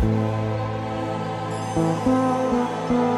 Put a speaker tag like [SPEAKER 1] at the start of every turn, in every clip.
[SPEAKER 1] Thank you.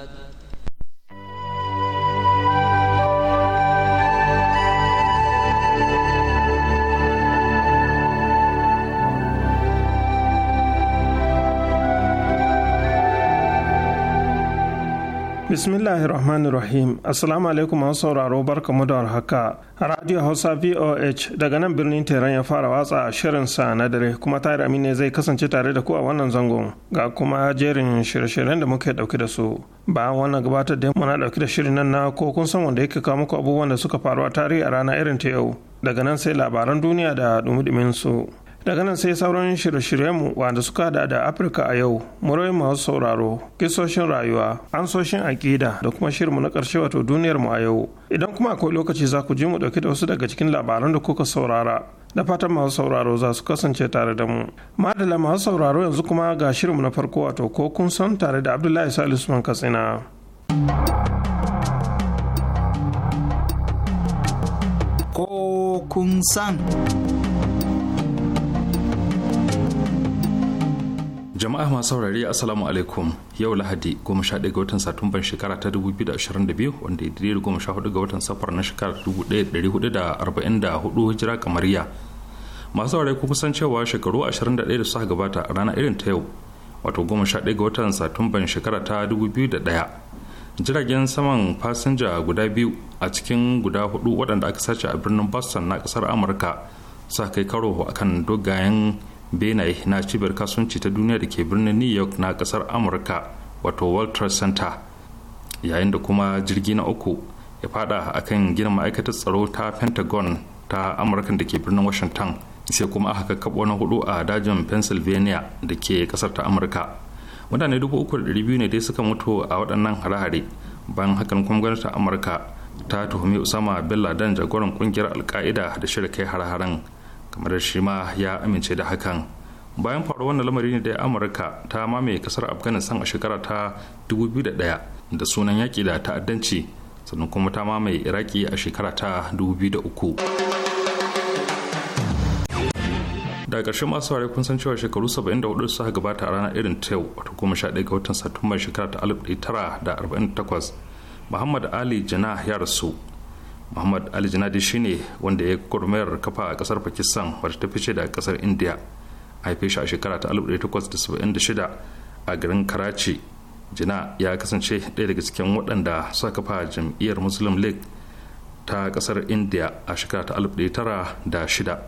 [SPEAKER 2] Bismillahi rahim Assalamu alaikum masu sauraro mu da warhaka. Radio Hausa VOH daga nan birnin Tehran ya fara watsa shirin sa na dare kuma tare ne zai kasance tare da ku a wannan zangon ga kuma jerin shirye-shiryen da muke dauke da su. Ba wannan gabatar da muna dauke da shirin nan na ko kun san wanda yake kawo muku abubuwan da suka faru a tarihi a rana irin ta yau. Daga nan sai labaran duniya da dumi su. daga nan sai sauran shirye-shiryenmu wanda suka hada da afirka a yau murai masu sauraro kisoshin rayuwa an soshin aƙida da kuma shirinmu na ƙarshe wato duniyar mu a yau idan kuma akwai lokaci za ku ji mu ɗauki da wasu daga cikin labaran da kuka saurara da fatan masu sauraro za su kasance tare da mu madala masu sauraro yanzu kuma ga shirinmu na farko wato ko kun san tare da abdullahi salisu man katsina
[SPEAKER 3] ko kun san
[SPEAKER 4] jama'a masu saurari assalamu alaikum yau lahadi 11 ga watan satumban shekara ta 2022 wanda ya dire 14 ga watan safar na shekarar 1444 hijira kamariya masu saurari kuma san cewa shekaru 21 da suka gabata a ranar irin ta yau wato 11 ga watan satumban shekara ta 2001 jiragen saman fasinja guda biyu a cikin guda hudu waɗanda aka sace a birnin boston na ƙasar amurka sa kai karo akan dogayen benaye na cibiyar kasuwanci ta duniya da ke birnin new york na kasar amurka wato world trade center yayin da kuma jirgi na uku ya fada akan kan gina ma'aikatar tsaro ta pentagon ta amurka da ke birnin washington sai kuma aka kakkaɓo na hudu a dajin pennsylvania da ke kasar ta amurka mutane dubu uku da biyu ne dai suka mutu a waɗannan hare-hare bayan hakan kuma gwamnatin amurka ta tuhumi usama bin laden jagoran kungiyar alka'ida da shirya kai hare-haren kamar shi ma ya amince da hakan bayan faruwar wannan lamari ne da amurka ta mamaye kasar afghanistan a shekara ta 2001 da sunan yaƙi da ta'addanci sannan kuma ta mamaye iraki a shekara ta 2003 daga ƙarshen masu ware kun san cewa shekaru 74 suka gabata a ranar irin ta yau wato kuma 11 ga watan satumbar shekara ta 1948 muhammad ali jana ya rasu muhammad ali shi shine wanda ya kurmayar kafa a kasar pakistan wadda ta fice da kasar india a haife shi a shekara ta 1876 a garin karachi jina ya kasance ɗaya daga cikin waɗanda suka kafa jam'iyyar muslim league ta kasar india a shekara ta 1906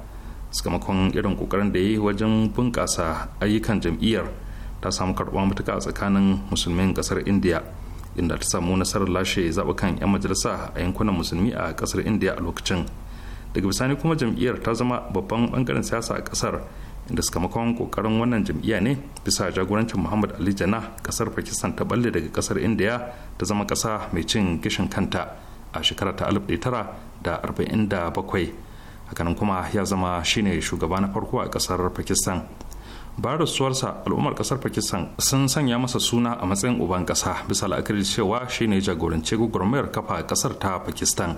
[SPEAKER 4] sakamakon irin kokarin da ya yi wajen bunƙasa ayyukan jam'iyyar ta samu karɓar matuka tsakanin musulmin kasar india inda ta samu nasarar lashe kan 'yan majalisa a yankunan musulmi a ƙasar india a lokacin daga bisani kuma jam'iyyar ta zama babban bangaren siyasa a ƙasar inda sakamakon kokarin wannan jam'iyya ne bisa jagorancin muhammad ali jana ƙasar pakistan ta balle daga ƙasar india ta zama ƙasa mai cin gishin kanta a shekara ta tara da da arba'in bakwai hakanan kuma ya zama shine shugaba na farko a ƙasar pakistan ba rasuwarsa al'ummar kasar pakistan sun sanya masa suna a matsayin uban kasa bisa la'akari cewa shine jagorance gwagwarmayar kafa kasar ta pakistan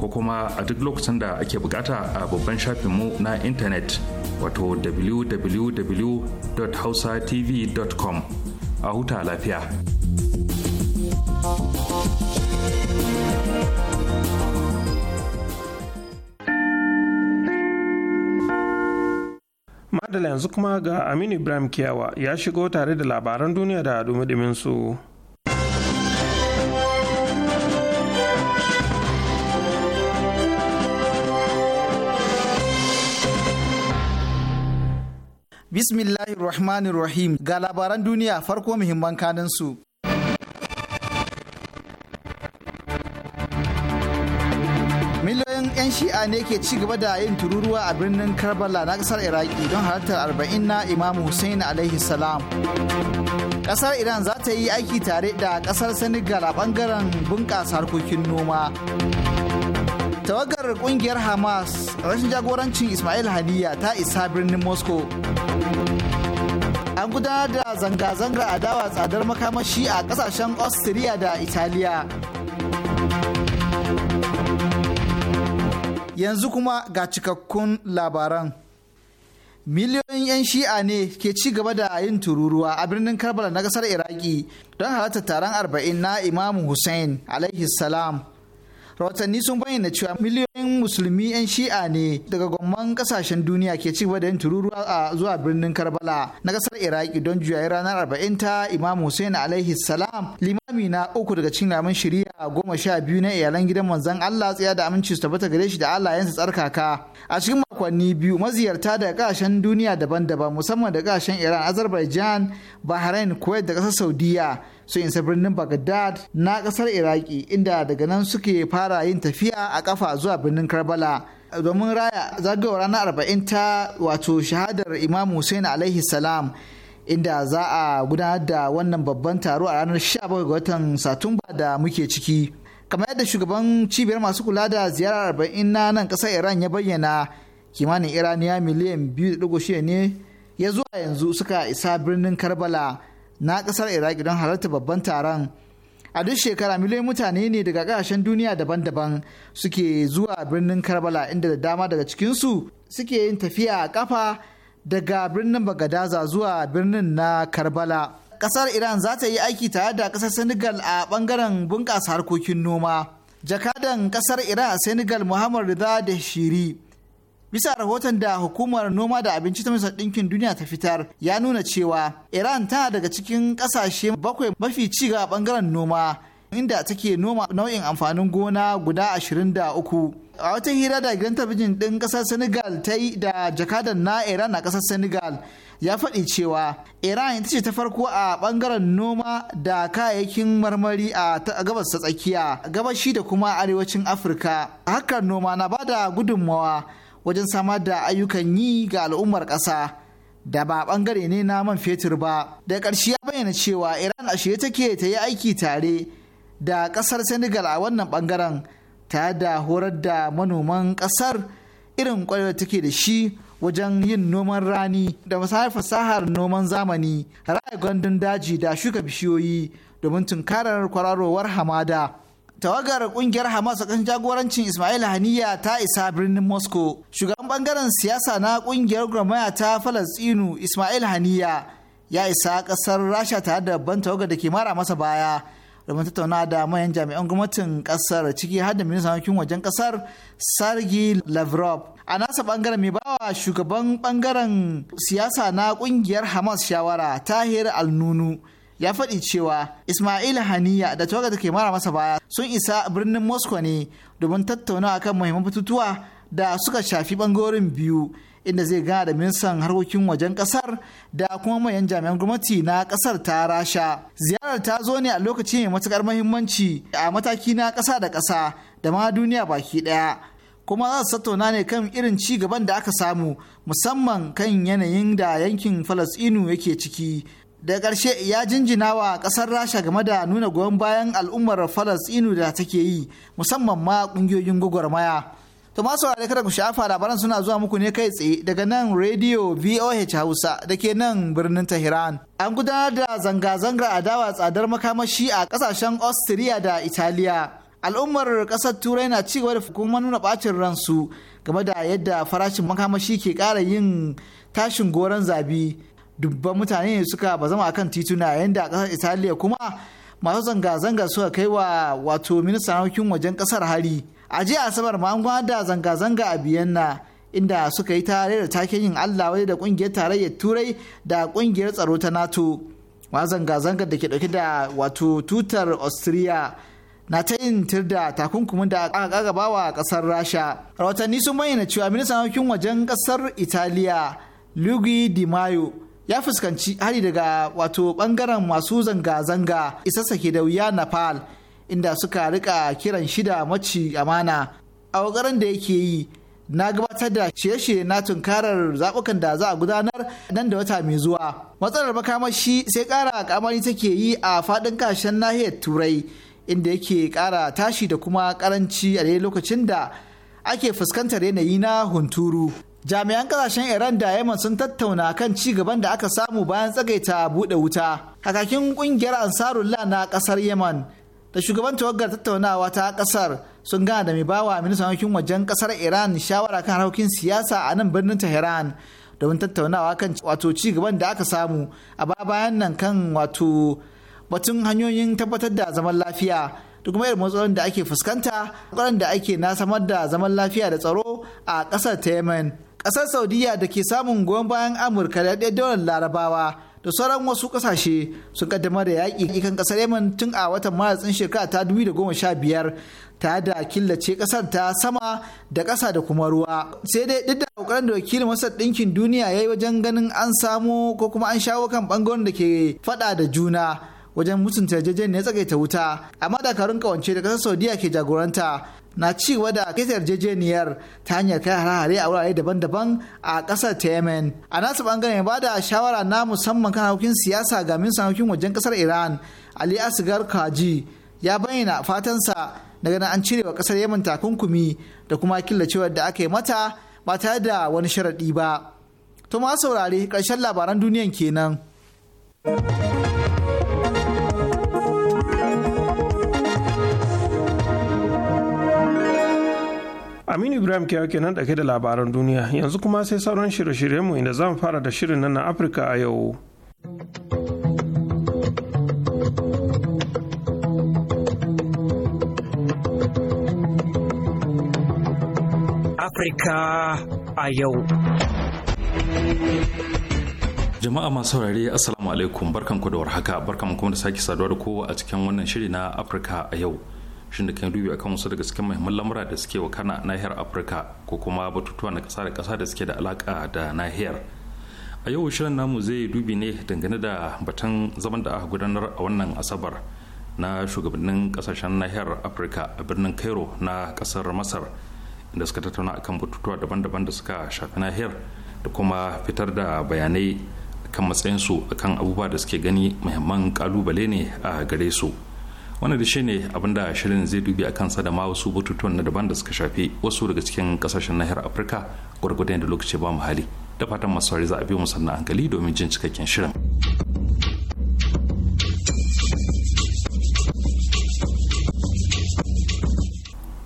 [SPEAKER 4] ko kuma a duk lokacin da ake bukata a babban shafinmu na intanet wato www.hausatv.com a huta lafiya.
[SPEAKER 2] Madala yanzu kuma ga Aminu Ibrahim Kiyawa ya shigo tare da labaran duniya da dumi su.
[SPEAKER 3] bismillahi Rahmanir Rahim ga labaran duniya farko muhimman kanin su. Miliyoyin 'yan shi'a ne ke ci gaba da yin tururuwa a birnin Karbala na kasar Iraki don halartar arba'in na Imam Hussein alaihi salam. Kasar Iran za ta yi aiki tare da kasar Senegal a bangaren bunƙasa harkokin noma. tawagar kungiyar hamas rashin jagorancin ismail haniya ta isa birnin moscow an gudanar da zanga-zangar adawa tsadar makamashi a kasashen austria da italiya yanzu kuma ga cikakkun labaran miliyoyin 'yan shi'a ne ke ci gaba da yin tururuwa a birnin karbala na kasar iraki don halartar taron arba'in na imamu hussein alaihi salam rahotanni sun bayyana cewa miliyoyin musulmi 'yan shi'a ne daga gwamman kasashen duniya ke ci da yin tururuwa a zuwa birnin karbala na kasar iraki don juyayi ranar arba'in ta imam hussein alaihi salam limami na uku daga cikin lamun shari'a goma sha biyu na iyalan gidan manzon allah tsaya da aminci su tabbata gare shi da allah allayensa tsarkaka a cikin makonni biyu maziyarta daga kasashen duniya daban-daban musamman da kasashen iran azerbaijan bahrain kuwait da kasar saudiya su isa birnin Baghdad na kasar Iraki inda daga nan suke fara yin tafiya a kafa zuwa birnin Karbala domin raya zagayowar ranar arba'in ta wato shahadar Imam Hussein alaihi salam inda za a gudanar da wannan babban taro a ranar 17 ga watan Satumba da muke ciki. Kamar yadda shugaban cibiyar masu kula da ziyarar arba'in na nan kasar Iran ya bayyana kimanin Iraniya miliyan 2.6 ne ya zuwa yanzu suka isa birnin Karbala. na ƙasar iraki don halarta babban taron a duk shekara miliyoyin mutane ne daga kasashen duniya daban-daban suke zuwa birnin karbala inda da dama daga cikinsu suke yin tafiya a ƙafa daga birnin bagadaza zuwa birnin na karbala ƙasar iran za ta yi aiki tare da ƙasar senegal a bangaren bunƙasa harkokin noma jakadan ƙasar iran senegal muhammad rida da shiri bisa rahoton da hukumar noma da abinci ta masar ɗinkin duniya ta fitar ya nuna cewa iran tana daga cikin ƙasashe bakwai mafi ci gaba ɓangaren noma inda take noma nau'in amfanin gona guda 23 a wata hira da gidan talabijin ɗin ƙasar senegal ta yi da jakadan na iran a ƙasar senegal ya faɗi cewa iran ita ce ta farko a ɓangaren noma da kayayyakin marmari a gabas ta tsakiya gabashi da kuma arewacin afirka hakan noma na bada gudunmawa wajen samar da ayyukan yi ga al'ummar ƙasa da ba ɓangare ne na man fetur ba da ƙarshe ya bayyana cewa iran a shirye take ta yi aiki tare da ƙasar senegal a wannan ɓangaren tare da horar da manoman ƙasar irin ƙwarewar take da shi wajen yin noman rani da musayar fasahar noman zamani ra'ayi gandun daji da shuka bishiyoyi domin tunkarar kwararowar hamada tawagar kungiyar hamas a kan jagorancin ismail haniya ta isa birnin moscow shugaban bangaren siyasa na kungiyar gwamnati ta falastinu ismail haniya ya isa kasar rasha tare da ban tawagar da ke mara masa baya domin tattauna da manyan jami'an gwamnatin kasar ciki har da ministan harkokin wajen kasar sargi lavrov a nasa bangaren mai bawa shugaban bangaren siyasa na kungiyar hamas shawara tahir al-nunu ya faɗi cewa Ismail Haniya da tawaga da ke mara masa baya sun isa birnin Moscow ne domin tattauna akan muhimman batutuwa da suka shafi bangorin biyu inda zai gana da ministan harkokin wajen ƙasar da kuma mayan jami'an gwamnati na ƙasar ta rasha ziyarar ta zo ne a lokaci mai matukar muhimmanci, a mataki na kasa da kasa da ma duniya baki ɗaya? kuma za su tattauna ne kan irin ci gaban da aka samu musamman kan yanayin da yankin falasinu yake ciki da ƙarshe ya jinjina wa ƙasar rasha game da nuna goyon bayan al'ummar falastinu da take yi musamman ma ƙungiyoyin gwagwarmaya to masu wa kada ku sha'afa labaran suna zuwa muku ne kai tsaye daga nan rediyo voh hausa da ke nan birnin tehran an gudanar da zanga-zangar adawa tsadar makamashi a ƙasashen austria da italiya al'ummar ƙasar turai na ci gaba da kuma nuna ɓacin ransu game da yadda farashin makamashi ke ƙara yin tashin goron zabi dubban mutane ne suka bazama akan tituna yayin da kasar italiya kuma masu zanga-zanga suka kai wa wato ministan harkokin wajen kasar hari a jiya asabar ma an da zanga-zanga a biyanna inda suka yi tare da taken yin allah waje da kungiyar tarayyar turai da kungiyar tsaro ta nato ma zanga-zangar da ke dauke da wato tutar austria na ta yin tirda takunkumin da aka gagaba wa kasar rasha rahotanni sun bayyana cewa ministan harkokin wajen kasar italiya luigi di mayo ya fuskanci hari daga wato bangaren masu zanga-zanga isa-sake da wuya nepal inda suka rika kiran shida maci amana a wakarin da yake yi na gabatar da shirye-shirye na tunkarar zaɓukan da za a gudanar nan da wata mai zuwa matsalar makamashi sai kara kamari take yi a fadin kashen nahiyar turai inda yake kara tashi da kuma karanci a lokacin da ake fuskantar yanayi na hunturu jami'an kasashen iran da yaman sun tattauna kan ci gaban da aka samu bayan tsagaita buɗe wuta kakakin ƙungiyar ansarullah na kasar yaman da shugaban tawagar tattaunawa ta ƙasar sun gana da mai bawa ministan harkokin wajen kasar iran shawara kan harkokin siyasa a nan birnin tehran domin tattaunawa kan wato ci gaban da aka samu a bayan nan kan wato batun hanyoyin tabbatar da zaman lafiya Duk kuma irin matsalolin da ake fuskanta ƙoƙarin da ake na samar da zaman lafiya da tsaro a ƙasar ta yamen. ƙasar saudiya da ke samun goyon bayan amurka da ɗaya daular larabawa da sauran wasu ƙasashe sun kaddamar da yaƙi kan ƙasar yemen tun a watan maris ɗin shekara ta da sha biyar. tare da killace ƙasar ta sama da ƙasa da kuma ruwa sai dai duk da kokarin da wakilin masar ɗinkin duniya ya yi wajen ganin an samo ko kuma an shawo kan ɓangaren da ke faɗa da juna wajen mutunta yarjejeniyar tsagaita wuta amma dakarun kawance da kasar saudiya ke jagoranta na ci da kesa yarjejeniyar ta hanyar kai hare-hare a wurare daban-daban a kasar ta yemen a nasu bangaren ba da shawara na musamman kan harkokin siyasa ga minsan harkokin wajen kasar iran ali asgar kaji ya bayyana fatansa daga na an cire wa kasar yemen takunkumi da kuma killacewar da aka yi mata ba tare da wani sharaɗi ba to ma saurare ƙarshen labaran duniyan kenan.
[SPEAKER 2] Aminu Ibrahim ke kenan dake da labaran duniya yanzu kuma sai sauran shirye-shiryenmu inda zamu fara da shirin nan na Afirka a yau.
[SPEAKER 4] Afirka a yau. Jama'a masu saurare Assalamu alaikum barkanku da warhaka barkanku kuma da sake saduwa da kowa a cikin wannan shiri na Afirka a yau. shin da kan dubi akan wasu daga cikin muhimman lamura da suke wakana nahiyar afirka ko kuma batutuwa na kasa da kasa da suke da alaka da nahiyar a yau shirin namu zai dubi ne dangane da batun zaman da aka gudanar a wannan asabar na shugabannin kasashen nahiyar afirka a birnin cairo na kasar masar inda suka tattauna akan batutuwa daban-daban da suka shafi nahiyar da kuma fitar da bayanai kan matsayinsu akan abubuwa da suke gani muhimman kalubale ne a gare su. wani da shi ne abinda shirin zai dubi a kansa da ma wasu bututun na daban da suka shafi wasu daga cikin kasashen nahiyar afirka gwargwadon da lokaci ba mu hali da fatan masu za a bi mu sannan hankali domin jin cikakken shirin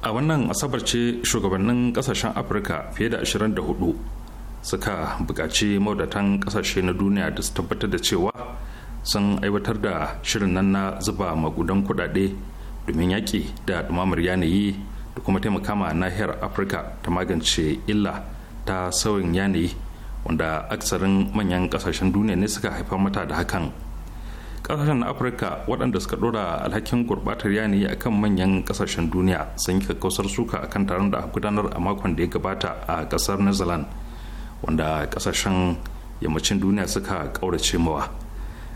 [SPEAKER 4] a wannan asabar ce shugabannin kasashen afirka fiye da 24 suka buƙaci maudatan kasashe na duniya da su tabbatar da cewa sun aiwatar da shirin nan na zuba magudan kudade domin yaƙi da dumamar yanayi da kuma taimakama nahiyar afirka ta magance illa ta sauyin yanayi wanda aksarin manyan ƙasashen duniya ne suka haifar mata da hakan ƙasashen afirka waɗanda suka ɗora alhakin gurɓatar yanayi akan manyan ƙasashen duniya sun yi kakkausar suka a kan taron da aka gudanar a makon da ya gabata a ƙasar new wanda ƙasashen yammacin duniya suka ƙaurace mawa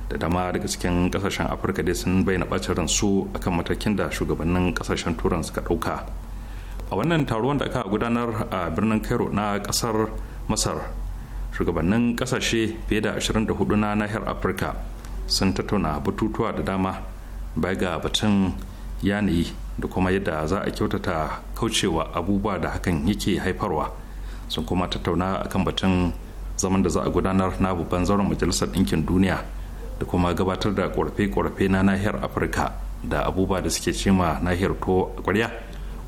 [SPEAKER 4] da dama daga cikin kasashen afirka dai sun bayyana bacin su akan matakin da shugabannin kasashen turan suka dauka a wannan taron da aka gudanar a birnin cairo na kasar masar shugabannin kasashe fiye da 24 na nahiyar afirka sun tattauna batutuwa da dama bai ga batun yanayi da kuma yadda za a kyautata kaucewa abubuwa da hakan yake haifarwa sun kuma tattauna akan batun zaman da za a gudanar na babban zauren majalisar ɗinkin duniya da kuma gabatar da ƙorafe-ƙorafe na nahiyar afirka da abubuwa da suke cima nahiyar to kwarya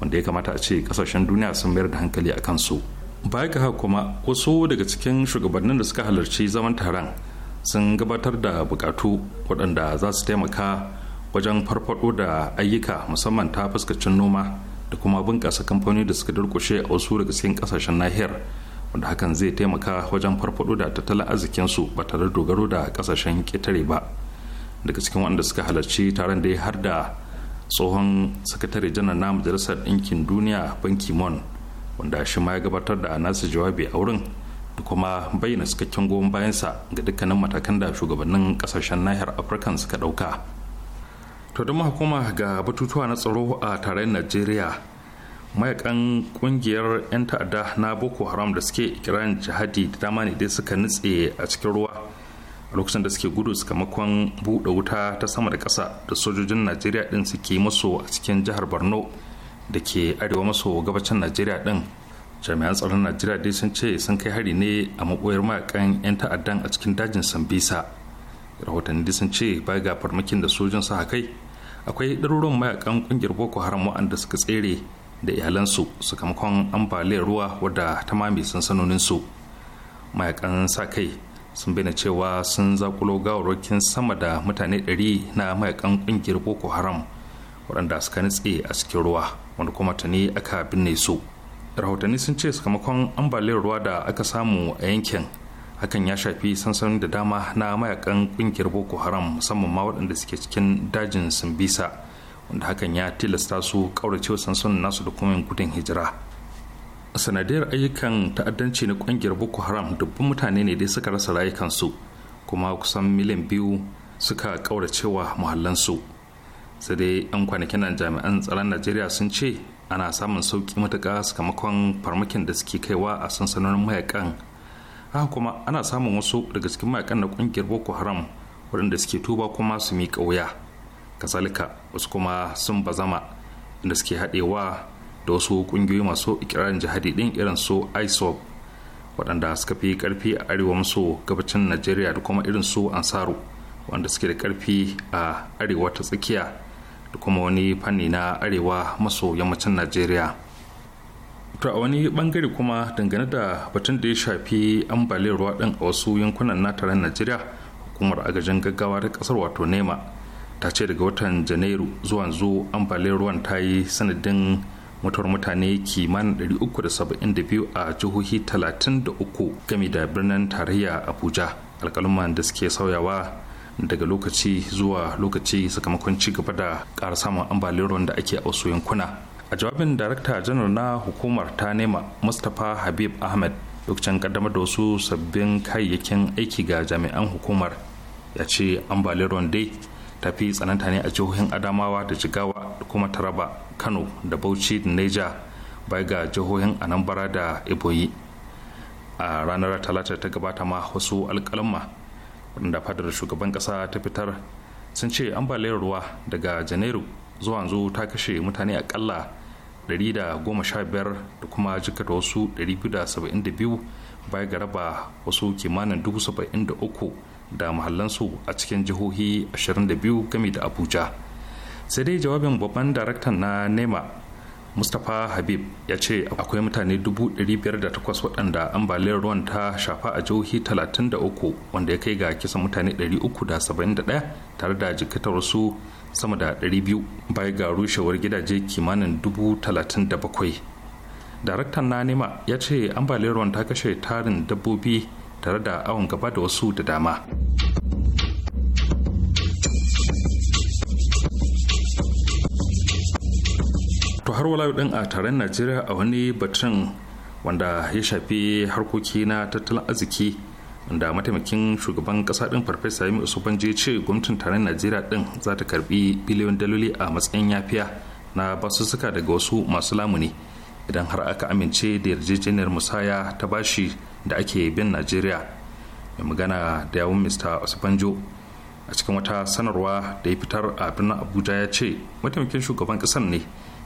[SPEAKER 4] wanda ya kamata a ce kasashen duniya sun mayar da hankali a kansu baya ga haka kuma wasu daga cikin shugabannin da suka halarci zaman taron sun gabatar da bukatu waɗanda za su taimaka wajen farfado da ayyuka musamman ta fuskacin noma da kuma bunƙasa kamfani da suka durƙushe a wasu daga cikin ƙasashen nahiyar wanda hakan zai taimaka wajen farfado da tattalin arzikinsu ba tare da dogaro da kasashen ƙetare ba daga cikin wanda suka halarci taron da ya har da tsohon sakatare janar na majalisar ɗinkin duniya banki mon wanda shi ma ya gabatar da nasa jawabi a wurin da kuma bayyana cikakken goyon bayansa ga dukkanin matakan da shugabannin kasashen nahiyar afirka suka ɗauka to don hukuma ga batutuwa na tsaro a tarayyar najeriya mayakan kungiyar 'yan ta'adda na boko haram da suke kiran jihadi da dama ne dai suka nutse a cikin ruwa a lokacin da suke gudu sakamakon buɗe wuta ta sama da ƙasa da sojojin najeriya ɗin suke maso a cikin jihar borno da ke arewa maso gabacin najeriya ɗin jami'an tsaron najeriya dai sun ce sun kai hari ne a maɓoyar mayakan 'yan ta'addan a cikin dajin sambisa rahotanni dai sun ce baya ga farmakin da sojin sa kai akwai ɗaruruwan mayakan kungiyar boko haram wa'anda suka tsere da iyalansu sakamakon ambaliyar ruwa wadda ta mame su mayakan sa kai sun bayyana cewa sun zakulo gawarwakin sama da mutane 100 na mayakan kungiyar boko haram waɗanda suka nitse a cikin ruwa wanda kuma tuni aka binne su rahotanni sun ce sakamakon ambaliyar ruwa da aka samu a yankin hakan ya shafi sansanoni da dama na mayakan kungiyar boko haram musamman ma waɗanda suke cikin dajin bisa wanda hakan ya tilasta su kauracewa sansanin nasu da kuma gudun hijira sanadiyar ayyukan ta'addanci na kungiyar boko haram dubban mutane ne dai suka rasa rayukansu kuma kusan miliyan biyu suka kauracewa muhallansu sai dai 'yan kwanakin nan jami'an tsaron najeriya sun ce ana samun sauki matuƙa sakamakon farmakin da suke kaiwa a sansanonin mayakan haka kuma ana samun wasu daga cikin mayakan na kungiyar boko haram waɗanda suke tuba kuma su miƙa wuya kazalika wasu kuma sun bazama inda suke haɗewa da wasu ƙungiyoyi masu ikirarin jihadi ɗin irin su isop waɗanda suka fi ƙarfi a arewa maso gabacin najeriya da kuma irin su ansaru wanda suke da ƙarfi a arewa ta tsakiya da kuma wani fanni na arewa maso yammacin najeriya to a wani bangare kuma dangane da batun da ya shafi ambaliyar ruwa ɗin a wasu yankunan na taron najeriya hukumar agajin gaggawa ta ƙasar wato nema ta ce daga watan janairu zuwa zo ambaliyar ruwan ta yi sanadin mutuwar mutane kimanin 372 a jihohi 33 gami da birnin tarayya abuja alkaluman da suke sauyawa daga lokaci zuwa lokaci sakamakon ci gaba da ƙara samun ambaliyar ruwan da ake a wasu yankuna a jawabin darakta janar na hukumar ta nema mustapha habib ahmed lokacin kaddamar da wasu sabbin kayayyakin aiki ga jami'an hukumar ya ce ambaliyar ruwan dai tafi tsananta ne a jihohin adamawa da jigawa da kuma taraba kano da bauchi da neja bai ga jihohin anambra da iboyi a ranar talata ta gabata ma wasu alƙalamma wadanda fadar shugaban ƙasa ta fitar sun ce ambaliyar ruwa daga janairu zuwa yanzu ta kashe mutane akalla 115 da kuma jikar wasu 272 baya ga raba wasu kimanin 73 da muhallansu a cikin jihohi 22 gami da abuja sai dai jawabin babban daraktan na nema mustapha habib ya ce akwai mutane 508 waɗanda ambaliyar ruwan ta shafa a jihohi 33 wanda ya kai ga kisan mutane 371 tare da jikitarsu sama da 200 bai ga rushewar gidaje kimanin 37 daraktan na nema ya ce ambaliyar ruwan ta kashe tarin dabbobi tare da awon gaba da wasu da dama to har wala din a taron najeriya a wani batun wanda ya shafi harkoki na tattalin arziki da mataimakin shugaban kasa din farfesa yami ya ce gwamnatin taron najeriya din za ta karbi biliyon daloli a matsayin yafiya na basussuka daga wasu masu lamuni idan har aka amince da yarjejeniyar musaya ta bashi da ake bin najeriya mai magana da yawun mr osibanjo a cikin wata sanarwa da ya fitar a birnin abuja ya ce mataimakin shugaban kasar ne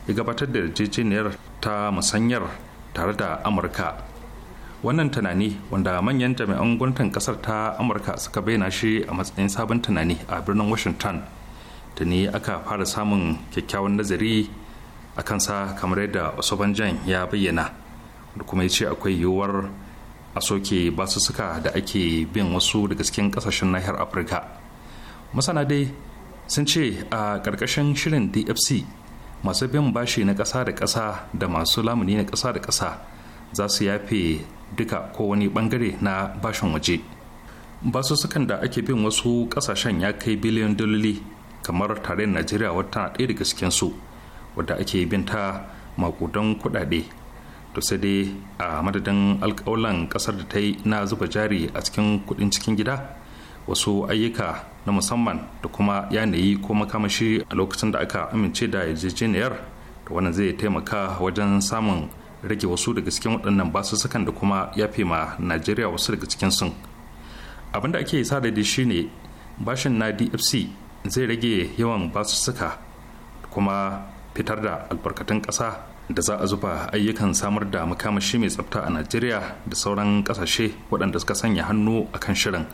[SPEAKER 4] ya gabatar da yarjejeniyar ta musanyar tare da amurka wannan tunani wanda manyan jami'an gwamnatin kasar ta amurka suka bayyana shi a matsayin sabon tunani a birnin washington da ne aka fara samun kyakkyawan nazari a kansa kamar yadda osobanjan ya bayyana da kuma ya ce akwai yiwuwar a soke basussuka da ake bin wasu daga cikin kasashen nahiyar afirka masana dai sun ce a ƙarƙashin shirin dfc masu bin bashi na ƙasa da ƙasa da masu lamuni na ƙasa da ƙasa za su yafe duka ko wani bangare na bashin waje basussukan da ake bin wasu ƙasashen ya kai biliyan dalili kamar tarayyar najeriya wata ɗaya daga cikinsu wadda ake bin ta makudan kuɗaɗe to sai dai a madadin alkawalan kasar da ta yi na zuba jari a cikin kudin cikin gida wasu ayyuka na musamman da kuma yanayi ko makamashi a lokacin da aka amince da yarjejeniyar da wannan zai taimaka wajen samun rage wasu daga cikin waɗannan basussukan da kuma yafe ma najeriya wasu daga cikin sun abin da ake sa da shi ne bashin na dfc zai rage yawan basussuka da kuma fitar da albarkatun ƙasa da za a zuba ayyukan samar da makamashi mai tsafta a najeriya da sauran kasashe waɗanda suka sanya hannu a kan shirin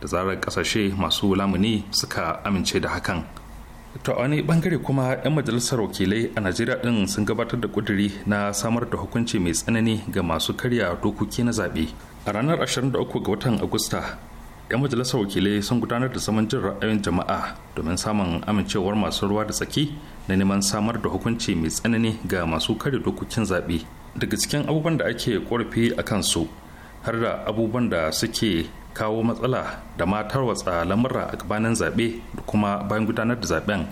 [SPEAKER 4] da zarar kasashe masu lamuni suka amince da hakan to a wani bangare kuma 'yan majalisar wakilai a najeriya ɗin sun gabatar da kuduri na samar da hukunci mai tsanani ga masu karya dokoki na zaɓe a ranar 23 ga watan agusta 'yan majalisar wakilai sun gudanar da zaman jin ra'ayin jama'a domin samun amincewar masu ruwa da tsaki na neman samar da hukunci mai tsanani ga masu kare dokokin zaɓe daga cikin abubuwan da ake ƙorafi a kansu har da abubuwan da suke kawo matsala da ma tarwatsa lamura a gabanin zaɓe da kuma bayan gudanar da zaɓen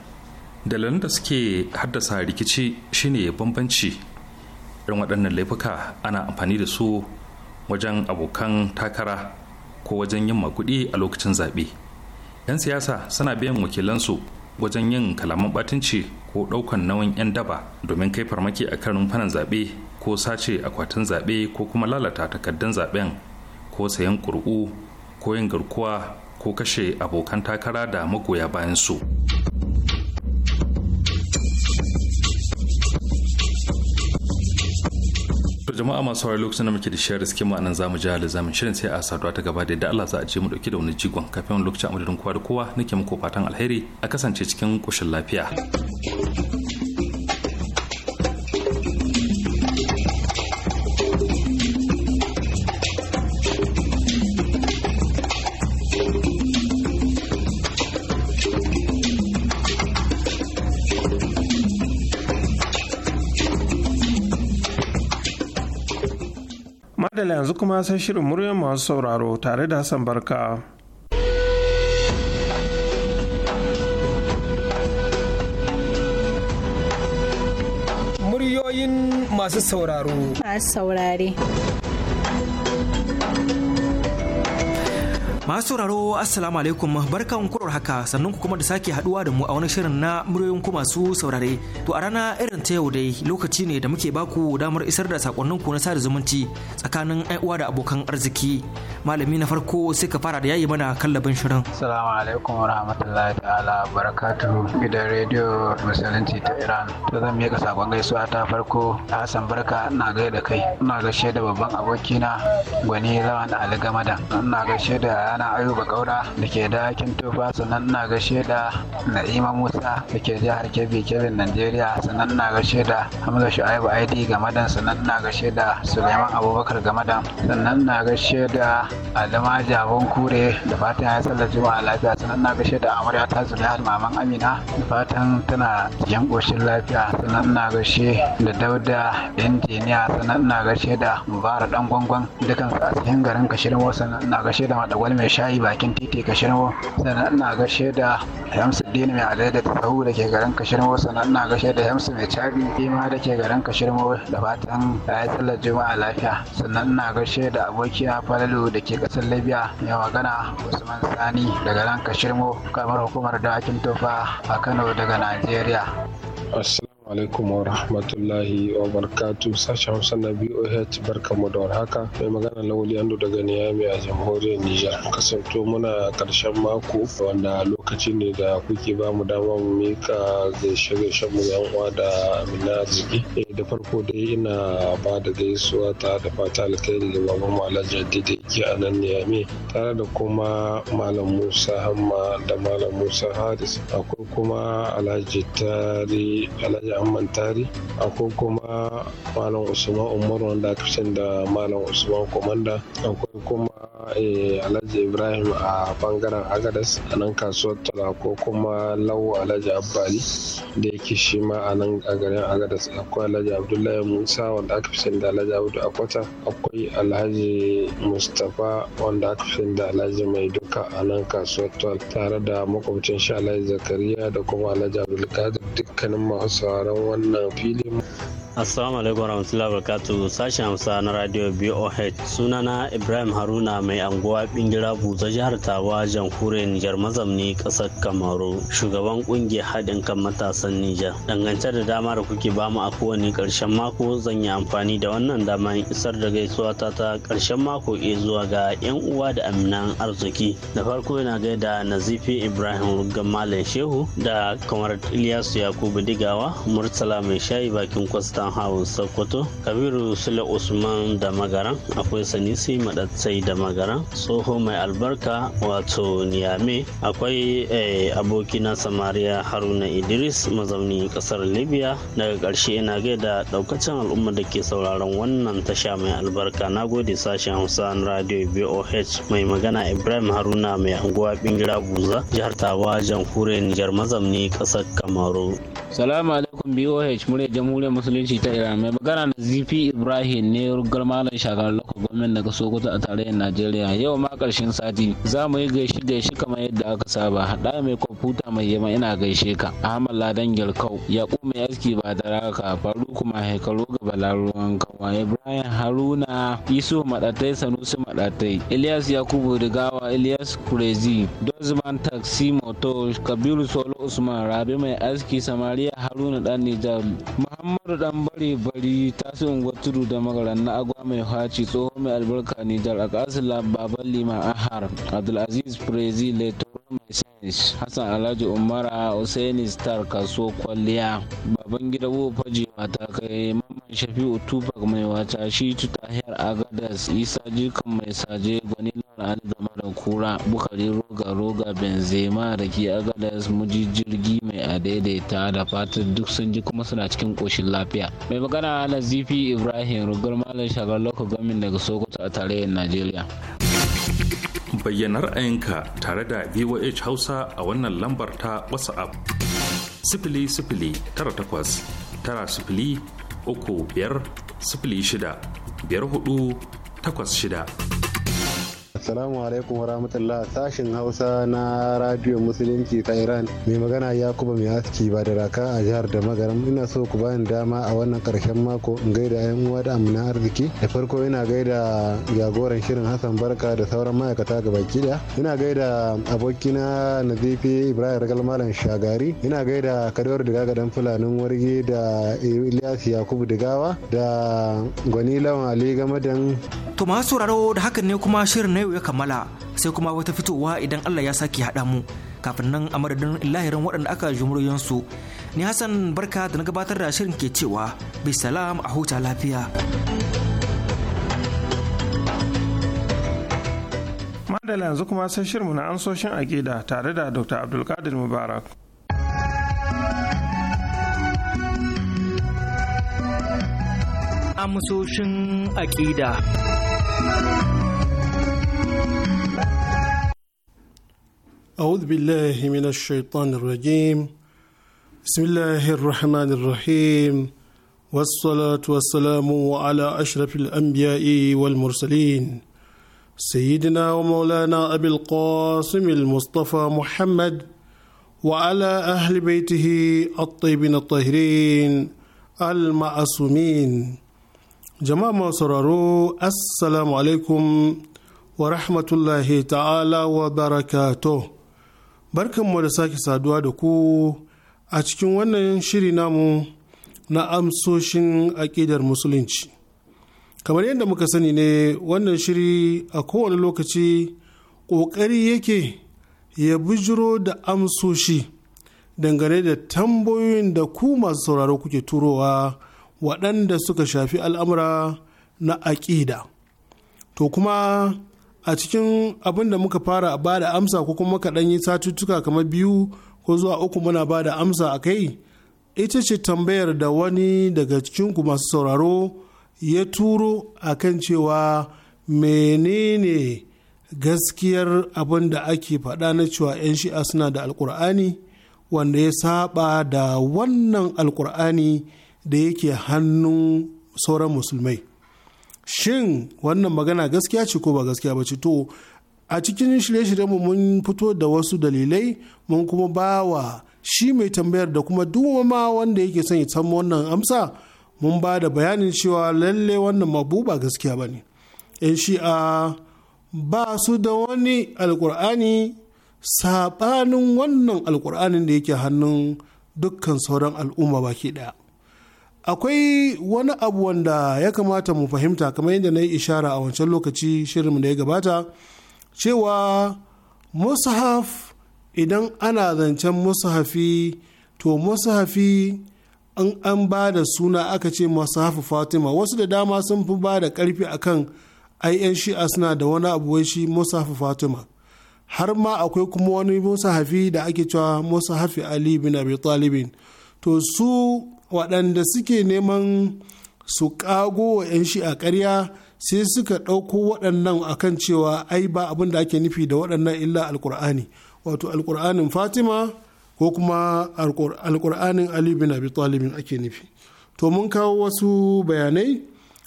[SPEAKER 4] dalilan da suke haddasa rikici shine bambanci irin waɗannan laifuka ana amfani da su wajen abokan takara ko wajen yin makudi a lokacin zaɓe 'yan siyasa suna biyan wakilansu wajen yin kalaman batunci. ko ɗaukan nauyin 'yan daba domin kai farmaki a kan rumfanan zaɓe ko sace akwatin zaɓe ko kuma lalata takardun zaɓen ko sayan ƙuri'u ko yin garkuwa ko kashe abokan takara da magoya bayan su. jama'a masu saurari lokacin da muke da shirin suke nan zamu ji hali shirin sai a saduwa ta gaba da yadda Allah za a je mu dauki da wani jigon kafin lokacin amadarin kowa da kowa nake muku fatan alheri a kasance cikin koshin lafiya.
[SPEAKER 2] madala yanzu kuma sai shirin muryar masu sauraro tare da hassan barka
[SPEAKER 5] muryoyin masu sauraro masu saurare
[SPEAKER 6] Masu sauraro Assalamu alaikum barkan kurar haka sannan ku kuma da sake haduwa da mu a wani shirin na muryoyin ku masu saurare. To a rana irin ta yau dai lokaci ne da muke baku damar isar da sakonnin ku na sada zumunci tsakanin uwa da abokan arziki. Malami na farko sai ka fara da yayi mana kallabin shirin.
[SPEAKER 5] Assalamu alaikum warahmatullahi ta'ala barakatuhu gidan rediyo musulunci ta Iran. To zan miƙa sakon gaisuwa ta farko Hassan Barka ina gaida kai. Ina gaishe da babban abokina Gwani Lawan aligamada Ina gaishe da sunana ayuba kaura da ke dakin tufa sannan na gashe da na'ima musa da ke jihar kebbi kebbin najeriya sannan na gashe da hamza shu'aibu id gamadan sannan na gashe da suleiman abubakar gamadan sannan na gashe da adama jabon kure da fatan ya sallar juma'a lafiya sannan na gashe da amarya ta zuliyar maman amina da fatan tana yan ƙoshin lafiya sannan na gashe da dauda injiniya sannan na gashe da Mubara dan gwangwan su a cikin garin kashirin wasu sannan na gashe da madagwal mai mai shayi bakin titi kashirmo sannan ina gashe da hamsu dini mai adai da tasahu da ke garin kashirmo sannan ina gashe da hamsu mai cabi ima da ke garin kashirmo da fatan ya tsallar juma'a lafiya sannan ina gashe da abokina falalu da ke kasar libya mai magana usman sani daga garin kashirmo kamar hukumar dakin tofa a kano daga najeriya
[SPEAKER 7] alaikum wa rahmatullahi wa barkatu sashen hausa na barka mu da warhaka mai magana wuli ando daga niyami a jamhuriyar nijar kasarto muna karshen mako wanda lokaci ne da kuke ba mu dama mu mika gaishe gaishe mu yan uwa da amina arziki eh, da farko dai ina ba da gaisuwa ta da fata alkhairi da baban malam jaddi yake a nan niyami tare da kuma malam musa hamma da malam musa haris akwai kuma alhaji tari alhaji Hamman Tari akwai kuma Malam Usman Umar wanda aka fi da Malam Usman Komanda akwai kuma eh, Alhaji Ibrahim a bangaren Agadas a nan kasuwar tara ko kuma Lawo Alhaji Abbali da yake shi ma a nan a garin Agadas akwai Alhaji Abdullahi Musa wanda aka fi da Alhaji Abdu Akwata akwai Alhaji Mustapha wanda aka fi da Alhaji Mai Duka a nan kasuwar tara tare da makwabcin shi Alhaji Zakariya da kuma Alhaji Abdulkadir dukkanin masu sauraron
[SPEAKER 8] wannan filin Assalamu alaikum warahmatullahi wabarakatuh sashen hamsa na Radio BOH sunana Ibrahim Haruna mai anguwa bingira buza jihar Tawa jamhuriyar Nijar mazamni kasar Kamaru shugaban kungiyar haɗin kan matasan Nijar dangance da dama da kuke bamu a kowane ƙarshen mako zan yi amfani da wannan dama isar da gaisuwa ta ta ƙarshen mako e zuwa ga yan uwa da aminan arziki da farko yana gaida Nazifi Ibrahim Ruggan Malam Shehu da kamar Ilyasu Yakubu Digawa Murtala mai shayi bakin kwasta Hausan House Sokoto, Kabiru Sule Usman da Magaran, akwai Sanisi Madatsai da magara Soho Mai Albarka wato Niyame, akwai eh, abokina Samariya Haruna Idris mazaunin kasar Libya. Daga ƙarshe ina gaida daukacin al'umma da ke sauraron wannan tasha mai albarka. Na gode sashen Hausa Radio BOH mai magana Ibrahim Haruna mai anguwa Bingira Buza, jihar Tawa, jamhuriyar niger mazauni kasar Kamaru.
[SPEAKER 9] Salamu alaikum BOH muryar jamhuriyar musulunci ta iran mai magana da zp ibrahim ne rugar malam shagar lokacin gwamnan daga sokoto a tarayyar najeriya yau ma karshen sati za mu yi gaishe gaishe kamar yadda aka saba haɗa mai kwamfuta mai yama ina gaishe ka ahmad ladan Ya kuma mai aski ba da raka faru kuma haikaro ga balaruwan kawa ibrahim haruna yusuf maɗatai sanusi maɗatai ilyas yakubu rigawa ilyas kurezi dozman taxi moto kabiru solo usman rabi mai aski samariya haruna dan nijar muhammadu dan bare bari ta su waturu da magaran na agwa mai haci tsohon mai albarka nijar a kasila baban liman ahar abdulaziz prezi letoro mai sanis hassan alhaji umara usaini star kaso kwalliya baban gida faji mata kai mamman shafi'u tupac mai wata shi tutahiyar agadas isa jikan mai saje gwani Ali Zamaran Kura, Bukari Roga Roga Benzema da ke Agadas muji jirgi mai adaidaita da fatar duk sun ji kuma suna
[SPEAKER 4] cikin koshin lafiya.
[SPEAKER 9] Mai magana Nazifi Ibrahim Rugar Malam Shagar Loko Gamin daga Sokoto
[SPEAKER 4] a tarayyar Najeriya. Bayyana ra'ayinka tare da VOH Hausa a wannan lambar ta WhatsApp. Sifili sifili tara takwas tara sifili uku biyar sifili shida biyar hudu takwas shida.
[SPEAKER 7] Assalamu alaikum wa rahmatullah sashin Hausa na
[SPEAKER 10] Radio Musulunci ta Iran. Mai magana Yakuba mai haski ba da raka a jihar da magaram ina so ku ni dama a wannan karshen mako in gaida yan uwa da amina arziki. Da farko ina gaida jagoran shirin Hassan Barka da sauran ma'aikata gabaki daya. Ina gaida abokina Nazifi Ibrahim Ragal Malam Shagari. Ina gaida Kadawar Digaga dan Fulanin Warge da Ilyas Yakubu Digawa da Gwani Lawan Ali Gamadan.
[SPEAKER 6] To masu da hakan ne kuma shirin na ya kammala sai kuma wata fitowa idan Allah ya sake haɗa mu kafin nan a madadin lahirin waɗanda aka jumuriyansu ni Hassan barka da na gabatar
[SPEAKER 2] da shirin ke cewa bai salam a huta lafiya. Madala yanzu kuma sai shirmu na ansoshin aƙida tare da Dr. Abdulkadir Mubarak.
[SPEAKER 6] Amsoshin aƙida.
[SPEAKER 10] أعوذ بالله من الشيطان الرجيم بسم الله الرحمن الرحيم والصلاة والسلام على أشرف الأنبياء والمرسلين سيدنا ومولانا أبي القاسم المصطفى محمد وعلى أهل بيته الطيبين الطاهرين المعصومين جماعة سرارو السلام عليكم ورحمة الله تعالى وبركاته barkanmu da sake saduwa da ku a cikin wannan shiri namu na amsoshin aƙidar musulunci kamar yadda muka sani ne wannan shiri a kowane lokaci ƙoƙari yake ya bijiro da amsoshi dangane da tambayoyin da ku masu sauraro kuke turowa waɗanda suka shafi al'amura na aƙida to kuma a cikin abin da muka fara ba da amsa ko kuma kaɗan yi satuttuka kamar biyu ko zuwa uku muna ba da amsa a kai ita ce tambayar da wani daga cikinku masu sauraro ya turo a kan cewa menene gaskiyar abin da ake faɗa na cewa 'yan shi'a suna da alkur'ani wanda ya saba da wannan alkur'ani da yake hannun sauran musulmai shin wannan magana gaskiya ce ko ba gaskiya ba ce to a cikin shirye-shiryen mu mun fito da wasu dalilai mun kuma bawa shi mai tambayar da kuma dumama wanda yake son ya san wannan amsa mun ba da bayanin cewa lalle wannan mabu ba gaskiya ba ne shi shi'a ba su da wani alkur'ani saɓanin wannan alkur'anin da yake hannun dukkan sauran al'umma baki ɗaya akwai wani abu wanda ya kamata mu fahimta kamar yadda na yi ishara a wancan lokaci shirinmu da ya gabata cewa mushaf idan ana zancen mushafi to mushafi in an ba da suna aka ce mushafu fatima wasu da dama sun fi ba da karfi akan ai 'yan shi'a suna da wani abu wai shi mushafu fatima har ma akwai kuma wani musahafi da ake cewa musahafi ali bin abi talibin to su waɗanda suke neman su ƙago wa 'yan a ƙarya sai suka ɗauko waɗannan akan cewa ai ba abin da ake nufi da waɗannan illa Alƙur'ani. wato Alƙur'anin fatima ko kuma Alƙur'anin ali bin abi talibin ake nufi to mun kawo wasu bayanai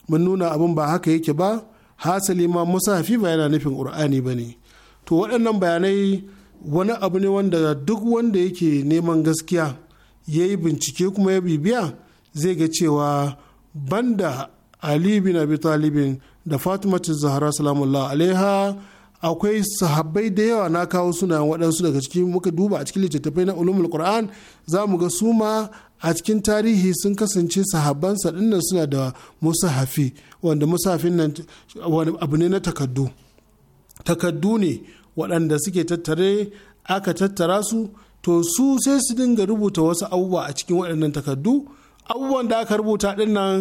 [SPEAKER 10] mun nuna abin ba haka yake ba hasali ma musafi ba yana nufin ƙur'ani ba ne to waɗannan bayanai wani abu ne wanda duk wanda yake neman gaskiya ya yi bincike kuma ya bibiya zai ga cewa banda ali bin abi talibin da fatima zahra salamullah alaiha akwai sahabbai da yawa na kawo suna waɗansu daga cikin muka duba a cikin littattafai na ulumul qur'an za mu ga su ma a cikin tarihi sun kasance sahabansa dinnan suna da musahafi wanda musahafin nan abu ne na takaddu takaddu ne waɗanda suke tattare aka tattara su to su sai su dinga rubuta wasu abubuwa a cikin waɗannan takardu abubuwan da aka rubuta ɗin nan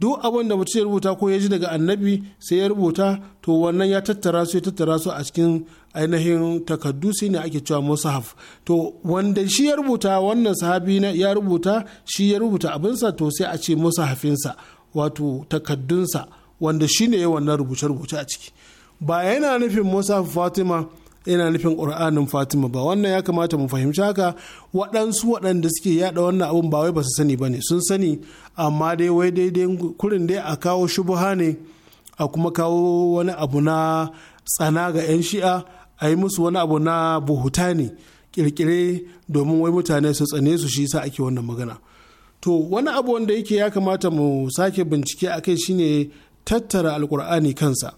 [SPEAKER 10] duk abin da mutum ya rubuta ko ya ji daga annabi sai ya rubuta to wannan ya tattara su ya tattara su a cikin ainihin takardu sai ne ake cewa musahaf to wanda shi ya rubuta wannan sahabi ya rubuta shi ya rubuta abinsa to sai a ce musahafinsa wato takaddunsa wanda shi ne wannan rubuce-rubuce a ciki ba yana nufin musahaf fatima yana nufin ƙur'anin fatima ba wannan ya kamata mu fahimci haka waɗansu waɗanda suke yada wannan abun ba wai ba su sani ba ne sun sani amma dai wai daidai kurin dai a kawo shubuha ne a kuma kawo wani abu na tsana ga 'yan shi'a a yi musu wani abu na buhuta ne kirkire domin wai mutane su tsane su shi sa ake wannan magana to wani abu wanda yake ya kamata mu sake bincike a kai shine tattara alkur'ani kansa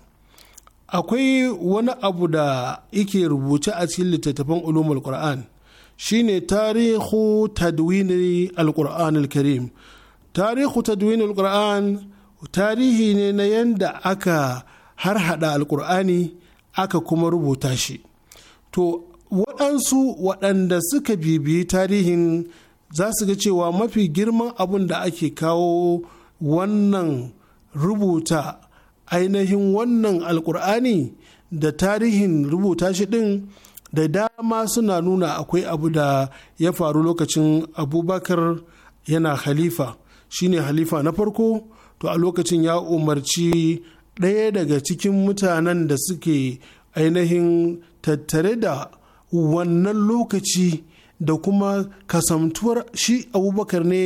[SPEAKER 10] akwai wani abu da yake rubuce a cikin littattafan ulumul qur'an shine tarihu tadwini al-qur'an al-karim tarihu tadwini al tarihi ne na yanda aka har hada al aka kuma rubuta shi to waɗansu waɗanda suka bibiyi tarihin za su ga cewa mafi girman abun da ake kawo wannan rubuta ainihin wannan alkur'ani da tarihin rubuta shi ɗin da dama suna nuna akwai abu da ya faru lokacin abubakar yana halifa shine halifa na farko to a lokacin ya umarci ɗaya daga cikin mutanen da suke ainihin tattare da wannan lokaci da kuma kasantuwar shi abubakar ne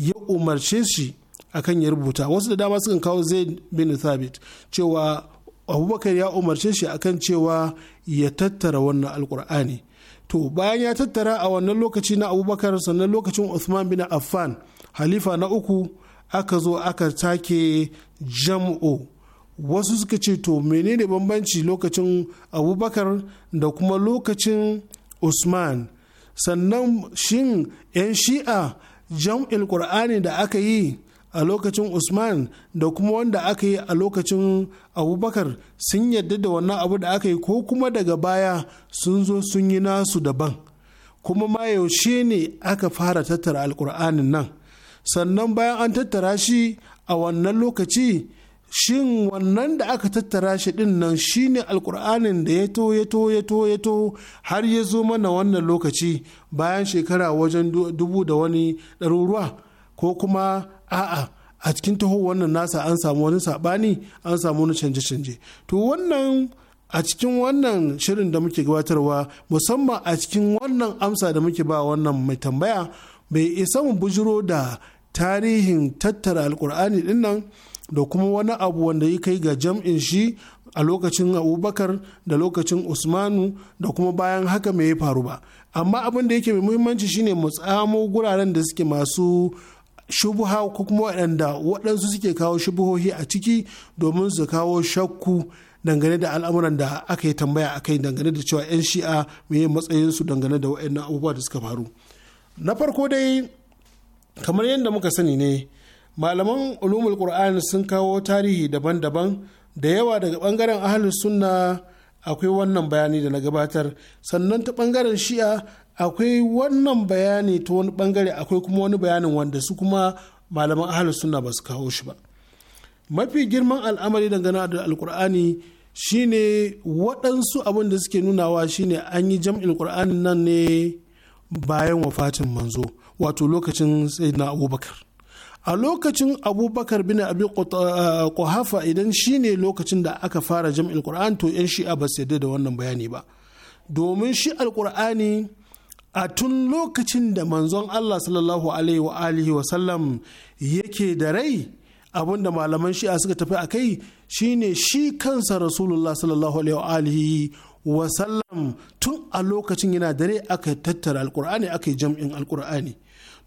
[SPEAKER 10] ya umarce shi akan ya rubuta wasu da dama sukan kawo zaid bin thabit cewa abubakar ya umarce shi akan cewa ya tattara wannan alkur'ani to bayan ya tattara a wannan lokaci na abubakar sannan lokacin usman bin affan halifa na uku aka zo aka take jam'o wasu suka ce to menene bambanci lokacin abubakar da kuma lokacin usman sannan shin 'yan shi'a jam'il qur'ani da aka yi a lokacin usman da kuma wanda aka yi a lokacin abubakar sun yadda da wannan abu da aka yi ko kuma daga baya sun zo sun yi nasu daban kuma ma yaushe ne aka fara tattara alkur'anin nan sannan bayan an tattara shi a wannan lokaci shin wannan da aka tattara shi din nan shi ne alkur'anin da ya to ya to ya to ya to har ya zo mana wannan lokaci bayan shekara wajen dubu da wani ɗaruruwa ko kuma a'a a cikin taho wannan nasa an samu wani sabani an samu wani canje-canje to wannan a cikin wannan shirin da muke gabatarwa musamman a cikin wannan amsa da muke ba wannan mai tambaya bai isa mu bujiro da tarihin tattara alkur'ani dinnan da kuma wani abu wanda ya kai ga jam'in shi a lokacin abubakar da lokacin usmanu da kuma bayan haka mai ya faru ba amma abin da yake mai muhimmanci shine mu tsamo guraren da suke masu shubuha ko kuma waɗanda waɗansu suke kawo shubuhohi a ciki domin su kawo shakku dangane da al'amuran da aka yi tambaya a kai dangane da cewa 'yan shi'a mai matsayinsu dangane da waɗannan abubuwa da suka faru na farko dai kamar yadda muka sani ne malaman ulumul qur'an sun kawo tarihi daban-daban da yawa daga bangaren ahlus sunna akwai wannan bayani da na gabatar sannan ta bangaren shi'a akwai wannan bayani ta wani bangare akwai kuma wani bayanin wanda su kuma malaman ahalus suna ba su kawo shi ba mafi girman al'amari dangane da alkur'ani shine waɗansu abin da suke nunawa shine an yi jam'in qur'anin nan ne bayan wafatin manzo wato lokacin sayyidina abubakar a lokacin abubakar bin abi kuhafa eh, idan shine lokacin da aka fara jam'in qur'an to yan shi'a ba su yarda da wannan bayani ba domin shi alkur'ani a tun lokacin da manzon Allah sallallahu alaihi wa alihi wa sallam yake da rai abinda malaman shi'a suka tafi a kai shine shi kansa rasulullah sallallahu alaihi wa alihi wa sallam tun a lokacin yana da rai aka tattara alkur'ani aka yi jam'in alkur'ani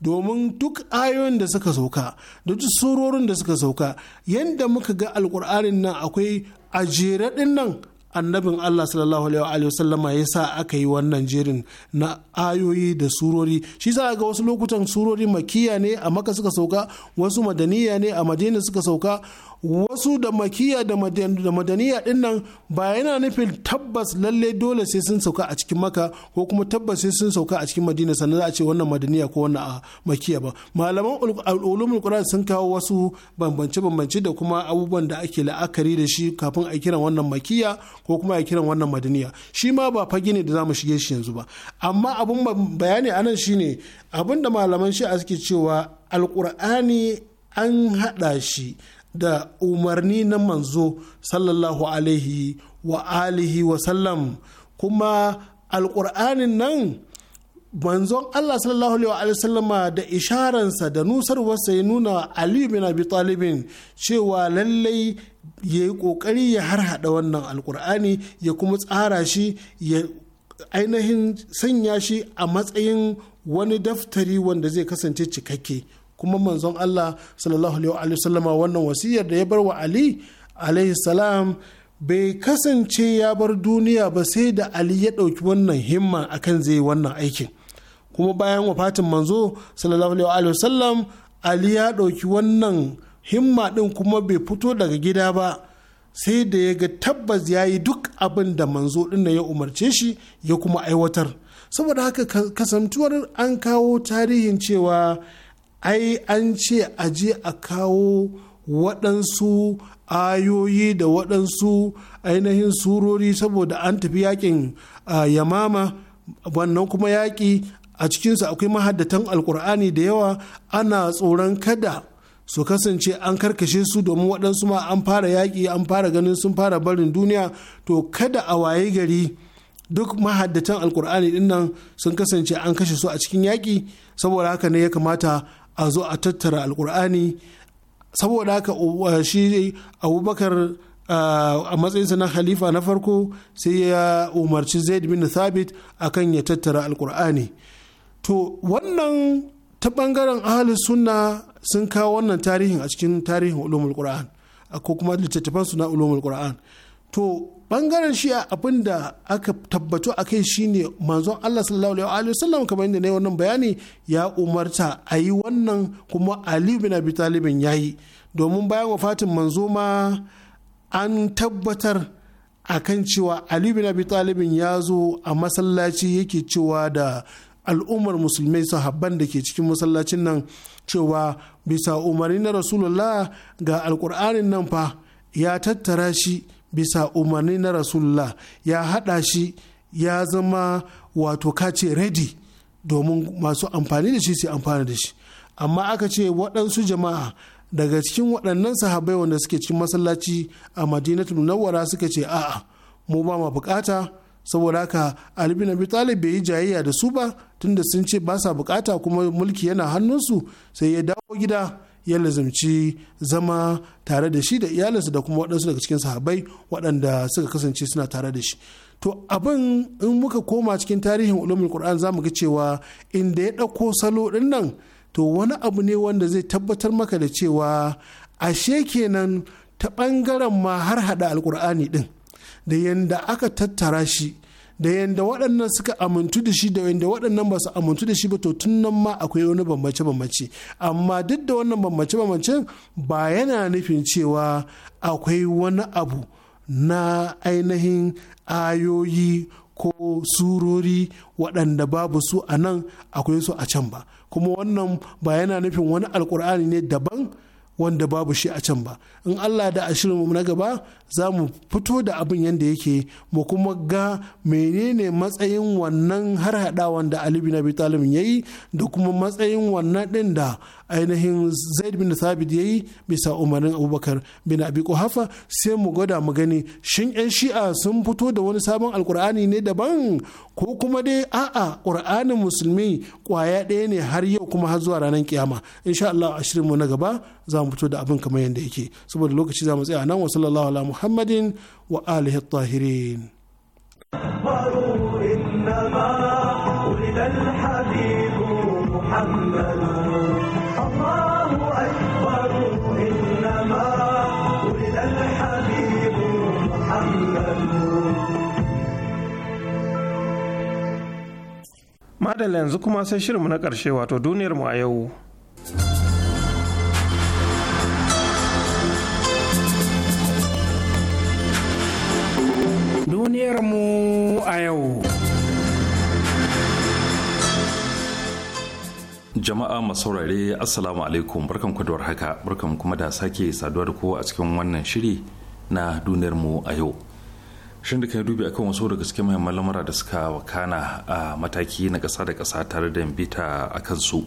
[SPEAKER 10] domin duk ayoyin da suka sauka da duk surorin da suka sauka yadda muka ga alkur'anin nan akwai ajere din nan annabin Allah sallallahu alaihi wasallama ya sa aka yi wannan jerin na ayoyi da surori shi za ga wasu lokutan surori makiya ne a maka suka sauka wasu madaniya ne a madina suka sauka wasu da makiya da madaniya din ba yana nufin tabbas lalle dole sai sun sauka a cikin maka ko kuma tabbas sai sun sauka a cikin madina sannan za a ce wannan madaniya ko wannan ah, makiya ba malaman ulumul qur'an sun kawo wasu bambance bambance da kuma abubuwan da ake la'akari da shi kafin a kiran wannan makiya ko kuma a kiran wannan madaniya shi ma ba fage ne da zamu shige shi yanzu ba amma abun bayani anan shine abin da malaman a suke cewa alqur'ani an hada shi da umarni na manzo sallallahu alaihi wa alihi wa sallam kuma alƙur'anin nan manzon Allah sallallahu alaihi wa sallam da isharansa da nusarwarsa ya nuna Aliyu bin Abi Talibin cewa lallai ya yi ƙoƙari ya harhaɗa wannan alƙur'ani ya kuma tsara shi ya ainihin sanya shi a matsayin wani daftari wanda zai kasance cikakke kuma manzon Allah sallallahu alaihi wasallama wannan wasiyar da ya bar wa Ali alaihi salam bai kasance ya bar duniya ba sai da Ali ya ɗauki wannan himma akan zai wannan aikin kuma bayan wafatin manzo sallallahu alaihi wasallam Ali ya ɗauki wannan himma ɗin kuma bai fito daga gida ba sai da ya ga tabbas ya yi duk abin da manzo ɗin ya umarce shi ya kuma aiwatar saboda haka kasantuwar an kawo tarihin cewa ai an ce a je a kawo waɗansu ayoyi da waɗansu ainihin surori saboda an tafi yakin ah, yamama wannan kuma yaƙi a cikinsu akwai mahaddatan alkur'ani da yawa ana tsoron kada su kasance an karkashe su domin waɗansu ma an fara yaƙi an fara ganin sun fara barin duniya to kada a waye gari duk mahaddatan alkur'ani ɗin sun kasance an kashe su a cikin yaƙi saboda haka ne ya kamata a zo a tattara alkur'ani saboda haka shi abubakar a matsayinsa na Halifa na farko sai ya umarci zaid bin thabit akan ya tattara alkur'ani to wannan ta bangaren ahalus sunna sun kawo wannan tarihin a cikin tarihin ulumul qur'an ko kuma littattafan suna na ulumul qur'an to bangaren shi abin da aka tabbatu a kai shine manzon Allah sallallahu alaihi sallam kamar yadda na yi wannan bayani ya umarta a yi wannan kuma Ali bin Abi Talibin ya yi domin bayan wafatin manzo ma an tabbatar a kan cewa Ali bin Abi Talibin ya zo a masallaci yake cewa da al'ummar musulmai sahabban da ke cikin masallacin nan cewa bisa umarni na Rasulullah ga alkur'anin nan fa ya tattara shi bisa umarni na rasulullah ya hada shi ya zama wato kace ready domin masu amfani da shi su amfani da shi amma aka ce waɗansu jama'a daga cikin waɗannan sahabai wanda suke cikin masallaci a madinatu nawara suka ce a'a mu ba ma bukata saboda haka ali bin talib bai yi jayayya da su ba tunda sun ce ba sa bukata kuma mulki yana hannunsu sai ya dawo gida ya lazimci zama tare da shi da iyalinsa da kuma waɗansu daga cikin sahabai waɗanda suka kasance suna tare da shi to abin in muka koma cikin tarihin ulumul qur'an zamu ga cewa inda ya ɗauko salo ɗin nan to wani abu ne wanda zai tabbatar maka da cewa ashe kenan ta ɓangaren ma har hada alkur'ani ɗin da yanda aka tattara shi da yadda waɗannan suka amintu da shi da yadda waɗannan ba su amintu da shi ba to tun nan ma akwai wani bambance-bambance amma duk da wannan bambance-bambancen ba yana nufin cewa akwai wani abu na ainihin ayoyi ko surori waɗanda babu su a nan akwai su a can ba kuma wannan ba yana nufin wani alkur'ani ne daban wanda babu shi a can ba in allah da ashirin na gaba za mu fito da abin yadda yake mu kuma ga menene matsayin wannan har hada da Ali bin Abi Talib ya yi da kuma matsayin wannan ɗin da ainihin Zaid bin Thabit ya yi bisa umarnin Abubakar bin Abi Quhafa sai mu gwada mu gani shin 'yan Shi'a sun fito da wani sabon alkur'ani ne daban ko kuma dai a'a ƙur'anin musulmi kwaya ɗaya ne har yau kuma har zuwa ranar kiyama insha Allah a mu na gaba za mu fito da abin kamar yadda yake saboda lokaci za mu tsaya nan wa sallallahu alaihi محمد وآله الطاهرين
[SPEAKER 1] إنما ولد الحبيب محمد
[SPEAKER 2] madalla yanzu kuma sai mu na ƙarshe wato duniyarmu a yau
[SPEAKER 8] Duniyarmu a yau.
[SPEAKER 4] Jama'a masaurare Assalamu alaikum barkan kwadowar haka barkan kuma da sake saduwa da ku a cikin wannan shiri na duniyarmu a yau. Shin da kai dubi akan wasu daga cikin muhimman lamura da suka wakana a mataki na ƙasa da kasa tare da bita a kansu.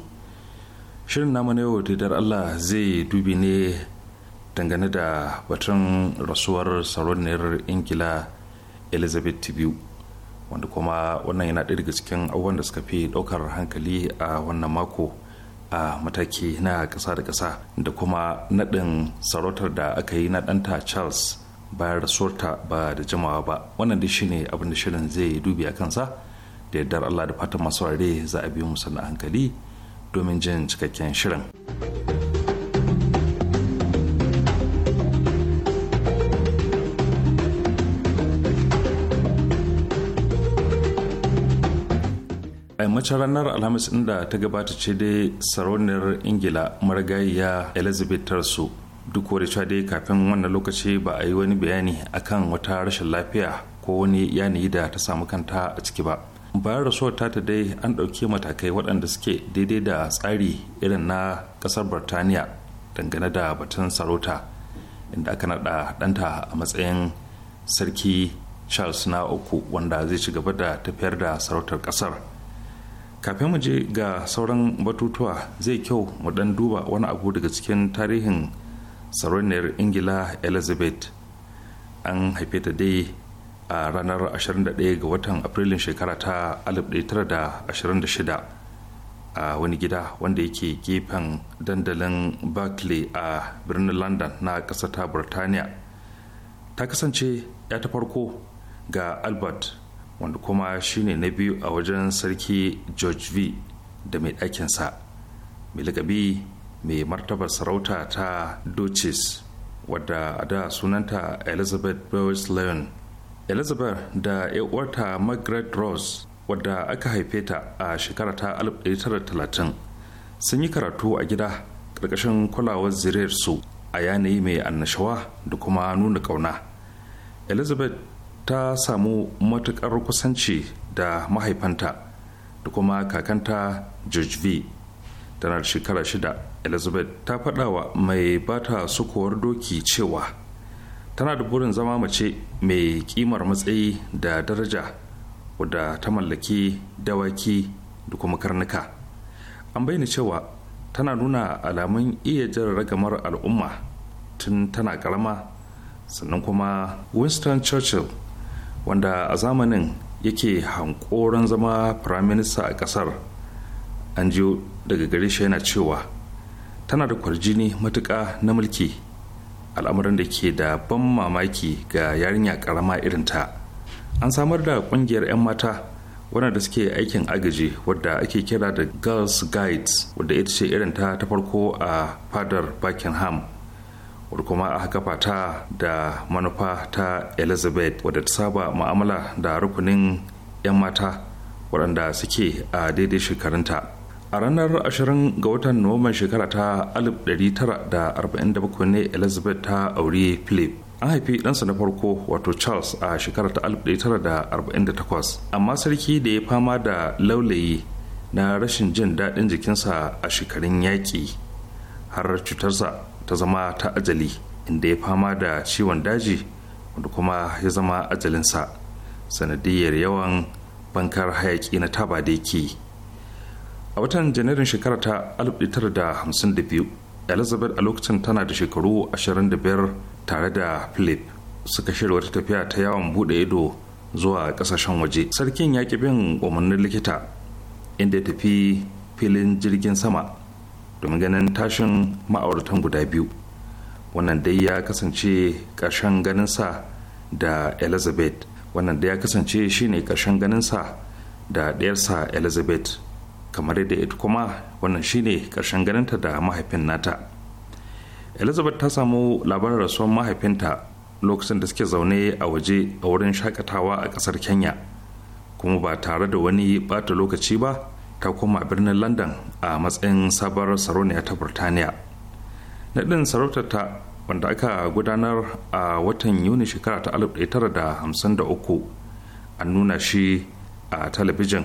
[SPEAKER 4] Shirin namu na yau da Allah zai dubi ne dangane da batun rasuwar sarauniyar ingila elizabeth ii biyu wanda kuma wannan yana ɗaya daga cikin abubuwan da suka fi ɗaukar hankali a wannan mako a mataki na ƙasa da ƙasa da kuma naɗin sarautar da aka yi na ɗanta charles bayan rasuwarta ba da jimawa ba wannan dai shine abin da shirin zai dubi a kansa da yardar allah da fatan masu za a biyo musu na hankali domin jin cikakken shirin. mace ranar alhamis inda ta gabata ce dai sarauniyar ingila marigayiya elizabeth tarsu duk wani cewa dai kafin wannan lokaci ba a yi wani bayani akan wata rashin lafiya ko wani yanayi da ta samu kanta a ciki ba bayan rasuwar ta dai an ɗauki matakai waɗanda suke daidai da tsari irin na ƙasar birtaniya dangane da batun sarauta inda aka naɗa ɗanta a matsayin sarki charles na uku wanda zai ci gaba da tafiyar da sarautar ƙasar kafin mu je ga sauran batutuwa zai kyau mu dan duba wani abu daga cikin tarihin sarauniyar ingila elizabeth an haife ta dai a ranar 21 ga watan afrilun shekara ta 1926 a wani gida wanda yake gefen dandalin berkeley a birnin london na ƙasa ta burtaniya ta kasance ya ta farko ga albert wanda kuma shine na biyu a wajen sarki george v da mai ɗakinsa mai lakabi mai martabar sarauta ta duchess wadda a da sunanta elizabeth bowes leon elizabeth da uwarta margaret rose wadda aka haife ta a shekara ta 1930 sun yi karatu a gida ƙarƙashin kulawar zuriyarsu a yanayi mai annashawa da kuma nuna ƙauna elizabeth ta samu matuƙar kusanci da mahaifanta da kuma kakanta george v tana da shekara shida elizabeth ta faɗa wa mai bata sukuwar doki cewa tana da burin zama mace mai ƙimar matsayi da daraja wadda ta mallaki dawaki da kuma karnuka an bayyana cewa tana nuna alamun iya jin ragamar al'umma tun tana karama sannan kuma winston churchill wanda a zamanin yake hankoron zama firaminista a kasar an ji daga gare shi yana cewa tana da kwarjini matuƙa na mulki al'amuran da ke da ban mamaki ga yarinya ƙarama ta. an samar da ƙungiyar 'yan mata waɗanda suke aikin agaji wadda ake kira da girls guides wadda ita ce irinta ta farko a fadar buckingham wadda kuma a kafa ta da manufa ta elizabeth wadda ta saba ma'amala da rukunin 'yan mata waɗanda suke a daidai shekarunta a ranar 20 ga watan nuwamban shekara ta 1947 ne elizabeth ta auri philip an haifi ɗansa na farko wato charles a shekara ta 1948 amma sarki da ya fama da laulayi na rashin jin daɗin jikinsa a shekarun yaƙi har cutarsa ta zama ta ajali inda ya fama da ciwon daji wanda kuma ya zama ajalinsa sanadiyar yawan bankar hayaki na taba da yake a watan janairun shekara ta 1952 elizabeth a lokacin tana da shekaru 25 tare da philip suka shirya wata tafiya ta yawon bude ido zuwa kasashen waje sarkin ya bin umarnin likita inda ya tafi filin jirgin sama domin ganin tashin ma'auratan guda biyu wannan dai ya kasance ƙarshen ganinsa da elizabeth wannan dai ya kasance shine ƙarshen ganinsa da ɗayarsa elizabeth kamar yadda ita kuma wannan shine ƙarshen ganinta da mahaifin nata elizabeth ta samu labarin rasuwar mahaifinta lokacin da suke zaune a waje a wurin shakatawa a ƙasar kenya kuma ba tare da wani bata lokaci ba ta koma birnin london a matsayin sabar sarauniya ta burtaniya naɗin sarautarta wanda aka gudanar a watan yuni shekara ta 1953 an nuna shi a talabijin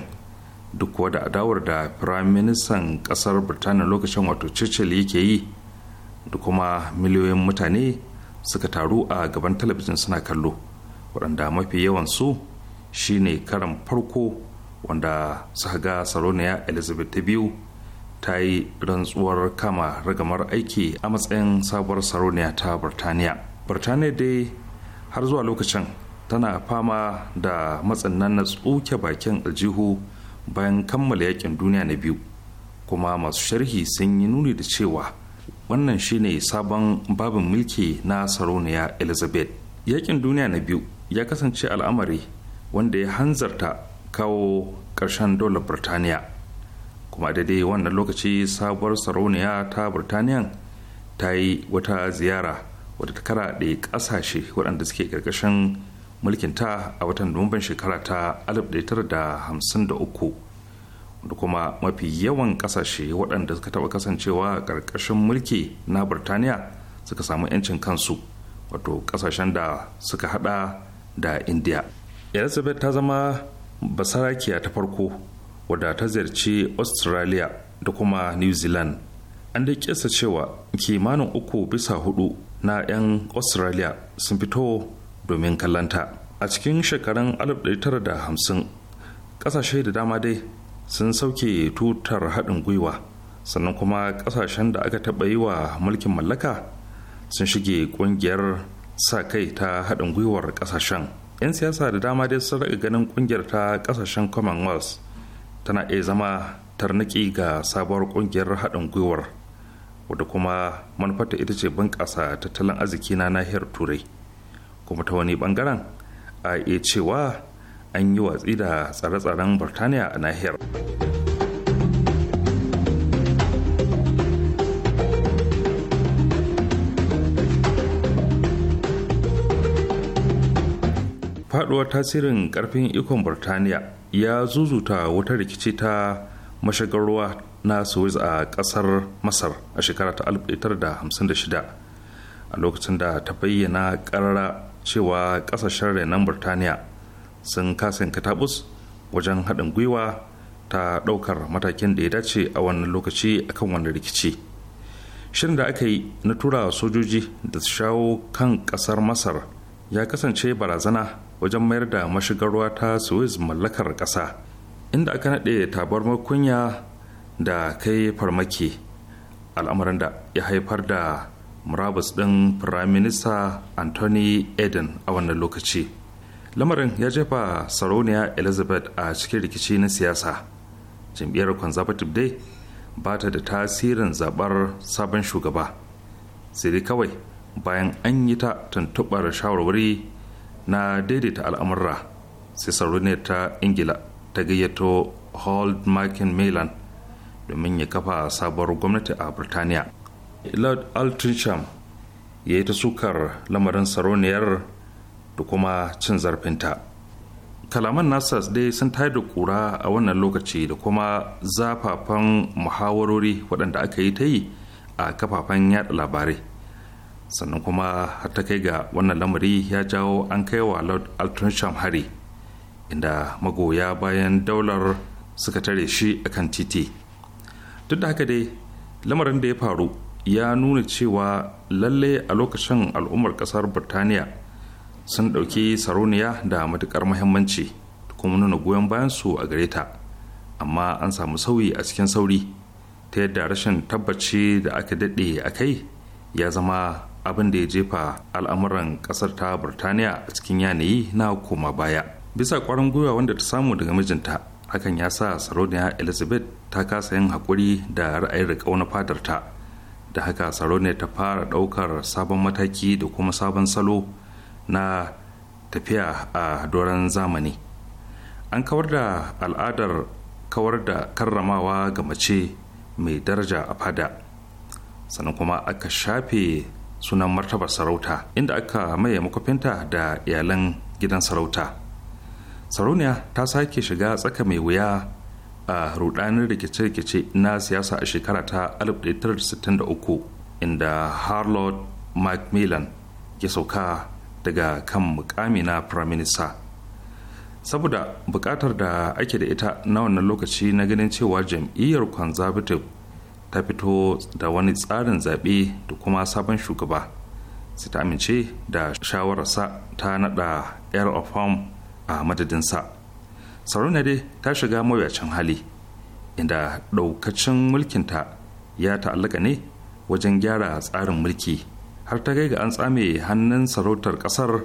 [SPEAKER 4] duk kuwa da adawar da firaministan kasar birtaniya lokacin wato churchill yake yi da kuma miliyoyin mutane suka taru a gaban talabijin suna kallo waɗanda mafi yawan su shine karan farko wanda suka ga saroniya elizabeth ta biyu ta yi rantsuwar kama ragamar aiki a matsayin sabuwar saroniya ta birtaniya birtaniya dai har zuwa lokacin tana fama da matsin nan na tsuke bakin aljihu bayan kammala yakin duniya na biyu kuma masu sharhi sun yi nuni da cewa wannan shine sabon babin mulki na sarauniya elizabeth yakin duniya na biyu ya kasance al'amari wanda ya hanzarta kawo ƙarshen dole birtaniya kuma daidai wannan lokaci sabuwar sarauniya ta Birtaniya ta yi wata ziyara wadda ta karaɗe ƙasashe waɗanda suke ƙarƙashin mulkinta a watan nuwamban shekara ta 1953 da kuma mafi yawan ƙasashe waɗanda suka taɓa kasancewa ƙarƙashin mulki na Birtaniya suka samu 'yancin kansu wato ƙasashen da suka hada da indiya elizabeth ta zama basarakiya ta farko wadda ta ziyarci australia da kuma new zealand an da kesa cewa kimanin uku bisa hudu na 'yan australia sun fito domin kallanta a cikin shekarun 1950 kasashe da dama dai sun sauke tutar haɗin gwiwa sannan kuma kasashen da aka taɓa yi wa mulkin mallaka sun shige ƙungiyar sa kai ta haɗin gwiwar ƙasashen 'yan siyasa da dama dai sun rage ganin kungiyar ta kasashen commonwealth tana iya zama tarniki ga sabuwar kungiyar haɗin gwiwar wadda kuma manufarta ita ce bunƙasa tattalin arziki na nahiyar turai kuma ta wani bangaren a iya cewa an yi watsi da tsare-tsaren burtaniya a nahiyar. faduwar tasirin ƙarfin ikon burtaniya ya zuzuta wata rikici ta mashigar ruwa na suez a ƙasar masar a shekara ta 1956 a lokacin da ta bayyana karara cewa ƙasashen renon burtaniya sun kasin katabus wajen haɗin gwiwa ta ɗaukar matakin da ya dace a wannan lokaci akan wani rikici shirin da aka yi na tura sojoji da su shawo kan ƙasar masar ya kasance barazana wajen mayar da mashigar ta suez mallakar ƙasa inda aka naɗe tabar makunya da kai farmaki al'amarin da ya haifar da murabus ɗin firaminista anthony eden a wannan lokaci lamarin ya jefa sarauniya elizabeth a cikin rikici na siyasa jam'iyyar conservative dai ba ta da tasirin zabar sabon shugaba sai kawai bayan an yi ta tuntuɓar shawarwari na daidaita al'amurra sai sarauniyar ta ingila ta gayyato hold makin milan domin ya kafa sabuwar gwamnati a birtaniya lord altrincham ya yi ta sukar lamarin sarauniyar da kuma cin zarfinta kalaman nasa dai sun tayar da kura a wannan lokaci da kuma zafafan muhawarori waɗanda aka yi ta yi a kafafen yada labarai sannan kuma har ta kai ga wannan lamari ya jawo an kai wa lord altonsham hari inda magoya bayan daular suka tare shi a kan titi duk da haka dai lamarin da ya faru ya nuna cewa lalle a lokacin al'ummar kasar birtaniya sun ɗauki saroniya da matuƙar muhimmanci kuma nuna goyon bayansu a gare ta amma an samu sauyi a cikin sauri ta yadda rashin tabbaci da aka daɗe a kai ya zama abin da ya jefa al'amuran kasar ta burtaniya a cikin yanayi na koma baya bisa kwarin gwiwa wanda ta samu daga mijinta hakan ya sa sarauniya elizabeth ta kasa yin haƙuri da ra'ayin da na fadarta da haka sarauniya ta fara ɗaukar sabon mataki da kuma sabon salo na tafiya a doron zamani an kawar da al'adar kawar da karramawa ga mace mai daraja a fada sannan kuma aka shafe sunan martaba sarauta inda aka maye makwafinta da iyalan gidan sarauta sarauniya ta sake shiga tsaka mai wuya a rudanin rikice-rikice na siyasa a shekara ta 1963 inda harlot macmillan ya sauka daga kan mukami na firaminista saboda bukatar da ake da ita na wannan lokaci na ganin cewa jam'iyyar conservative ta fito da wani tsarin zaɓe da kuma sabon shugaba sai ta amince da shawararsa ta naɗa air of home a madadinsa sarauna dai ta shiga mawuyacin hali inda ɗaukacin mulkinta ya ta'allaka ne wajen gyara tsarin mulki har ta ga an tsame hannun sarautar ƙasar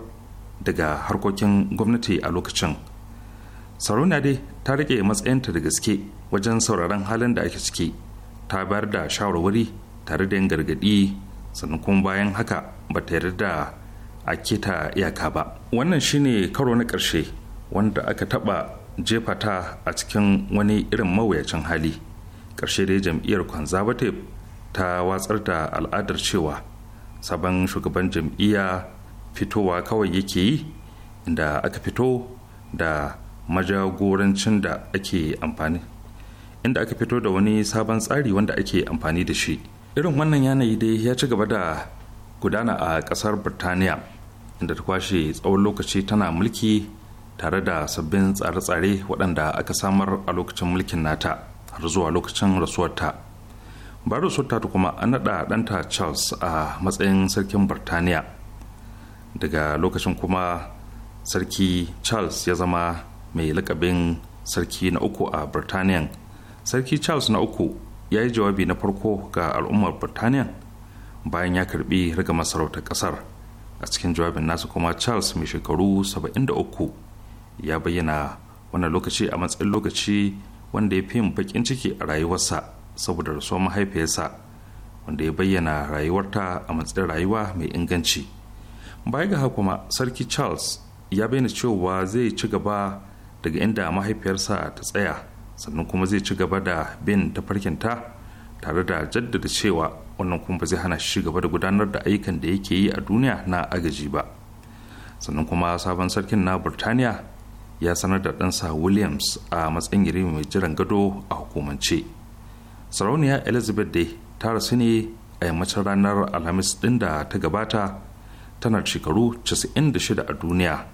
[SPEAKER 4] daga harkokin gwamnati a lokacin sarauna dai ta rike matsayinta da gaske wajen sauraron halin da ake ciki ta bayar da shawarwari tare da yin gargaɗi sannan kuma bayan haka ba ta yarda a keta iyaka ba wannan shine karo na ƙarshe wanda aka taɓa jefa ta a cikin wani irin mawuyacin hali ƙarshe dai jam'iyyar conservative ta watsar da al'adar cewa sabon shugaban jam'iyya fitowa kawai yake yi inda aka fito da majagorancin da ake amfani inda aka fito da wani sabon tsari wanda ake amfani da shi irin wannan yanayi dai ya ci gaba da gudana a kasar birtaniya inda ta kwashe tsawon lokaci tana mulki tare da sabbin tsare-tsare waɗanda aka samar a lokacin mulkin nata har zuwa lokacin rasuwarta ba rasuwarta ta kuma an naɗa ɗanta charles a matsayin sarkin birtaniya daga lokacin kuma sarki charles ya zama mai lakabin sarki na uku a birtaniyan sarki charles na uku ya yi jawabi na farko ga al'ummar birtaniya bayan ya karbi riga masarautar kasar a cikin jawabin nasa kuma charles mai shekaru 73 ya bayyana wannan lokaci a matsayin lokaci wanda ya fi yin bakin ciki a rayuwarsa saboda rasuwar mahaifiyarsa wanda ya bayyana rayuwarta a matsayin rayuwa mai inganci baya ga kuma sarki charles ya bayyana cewa zai ci gaba daga inda mahaifiyarsa ta tsaya sannan kuma zai ci gaba da bin tafarkinta tare da jaddada cewa wannan kuma ba zai hana shi gaba da gudanar da ayyukan da yake yi a duniya na agaji ba sannan kuma sabon sarkin na burtaniya ya sanar da ɗansa williams a matsayin gire mai jiran gado a hukumance sarauniya elizabeth day ta rasu ne a yammacin ranar alhamis ɗin da ta gabata tana shekaru 96 a duniya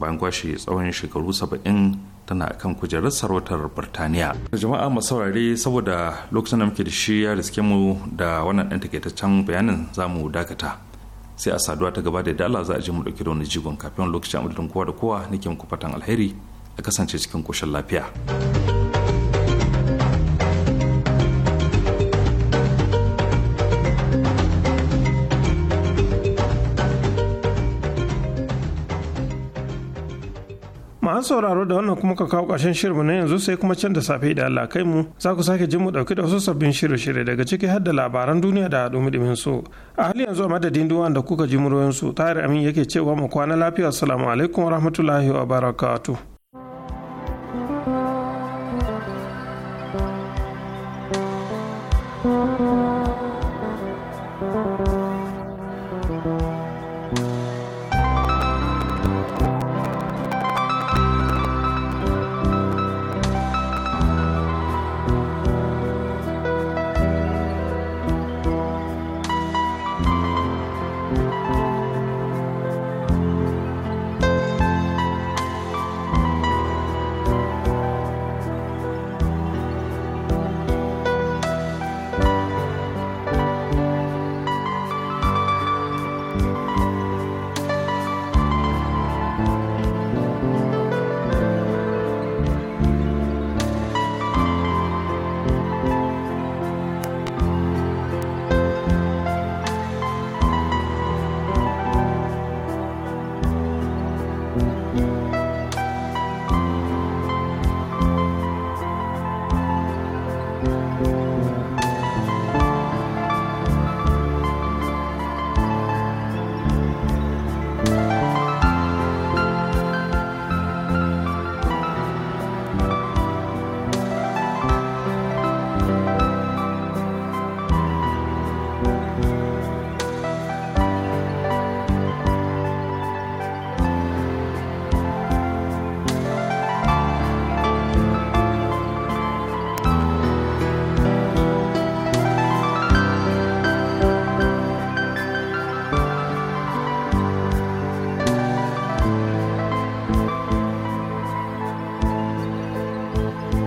[SPEAKER 4] bayan kwashe tsawon shekaru 70 tana kan kujerar sarautar birtaniya jama'a masu saurare saboda lokacin da muke da shi ya riske mu da wannan ɗan takaitaccen bayanin za mu dakata sai a saduwa ta gaba da dala za a je mu ɗauki da wani jigon kafin lokacin amudin kowa da kowa nake muku fatan alheri a kasance cikin koshin lafiya.
[SPEAKER 2] an sauraro da wannan kuma ka kawo ƙarshen shirinmu na yanzu sai kuma can da safe da Allah kai mu za ku sake jin mu ɗauki da wasu sabbin shirye-shirye daga ciki har da labaran duniya da dumi-dumin su. A hali yanzu a madadin duwan da kuka ji muroyin su tare amin yake cewa mu kwana lafiya assalamu alaikum wa rahmatullahi wa barakatu.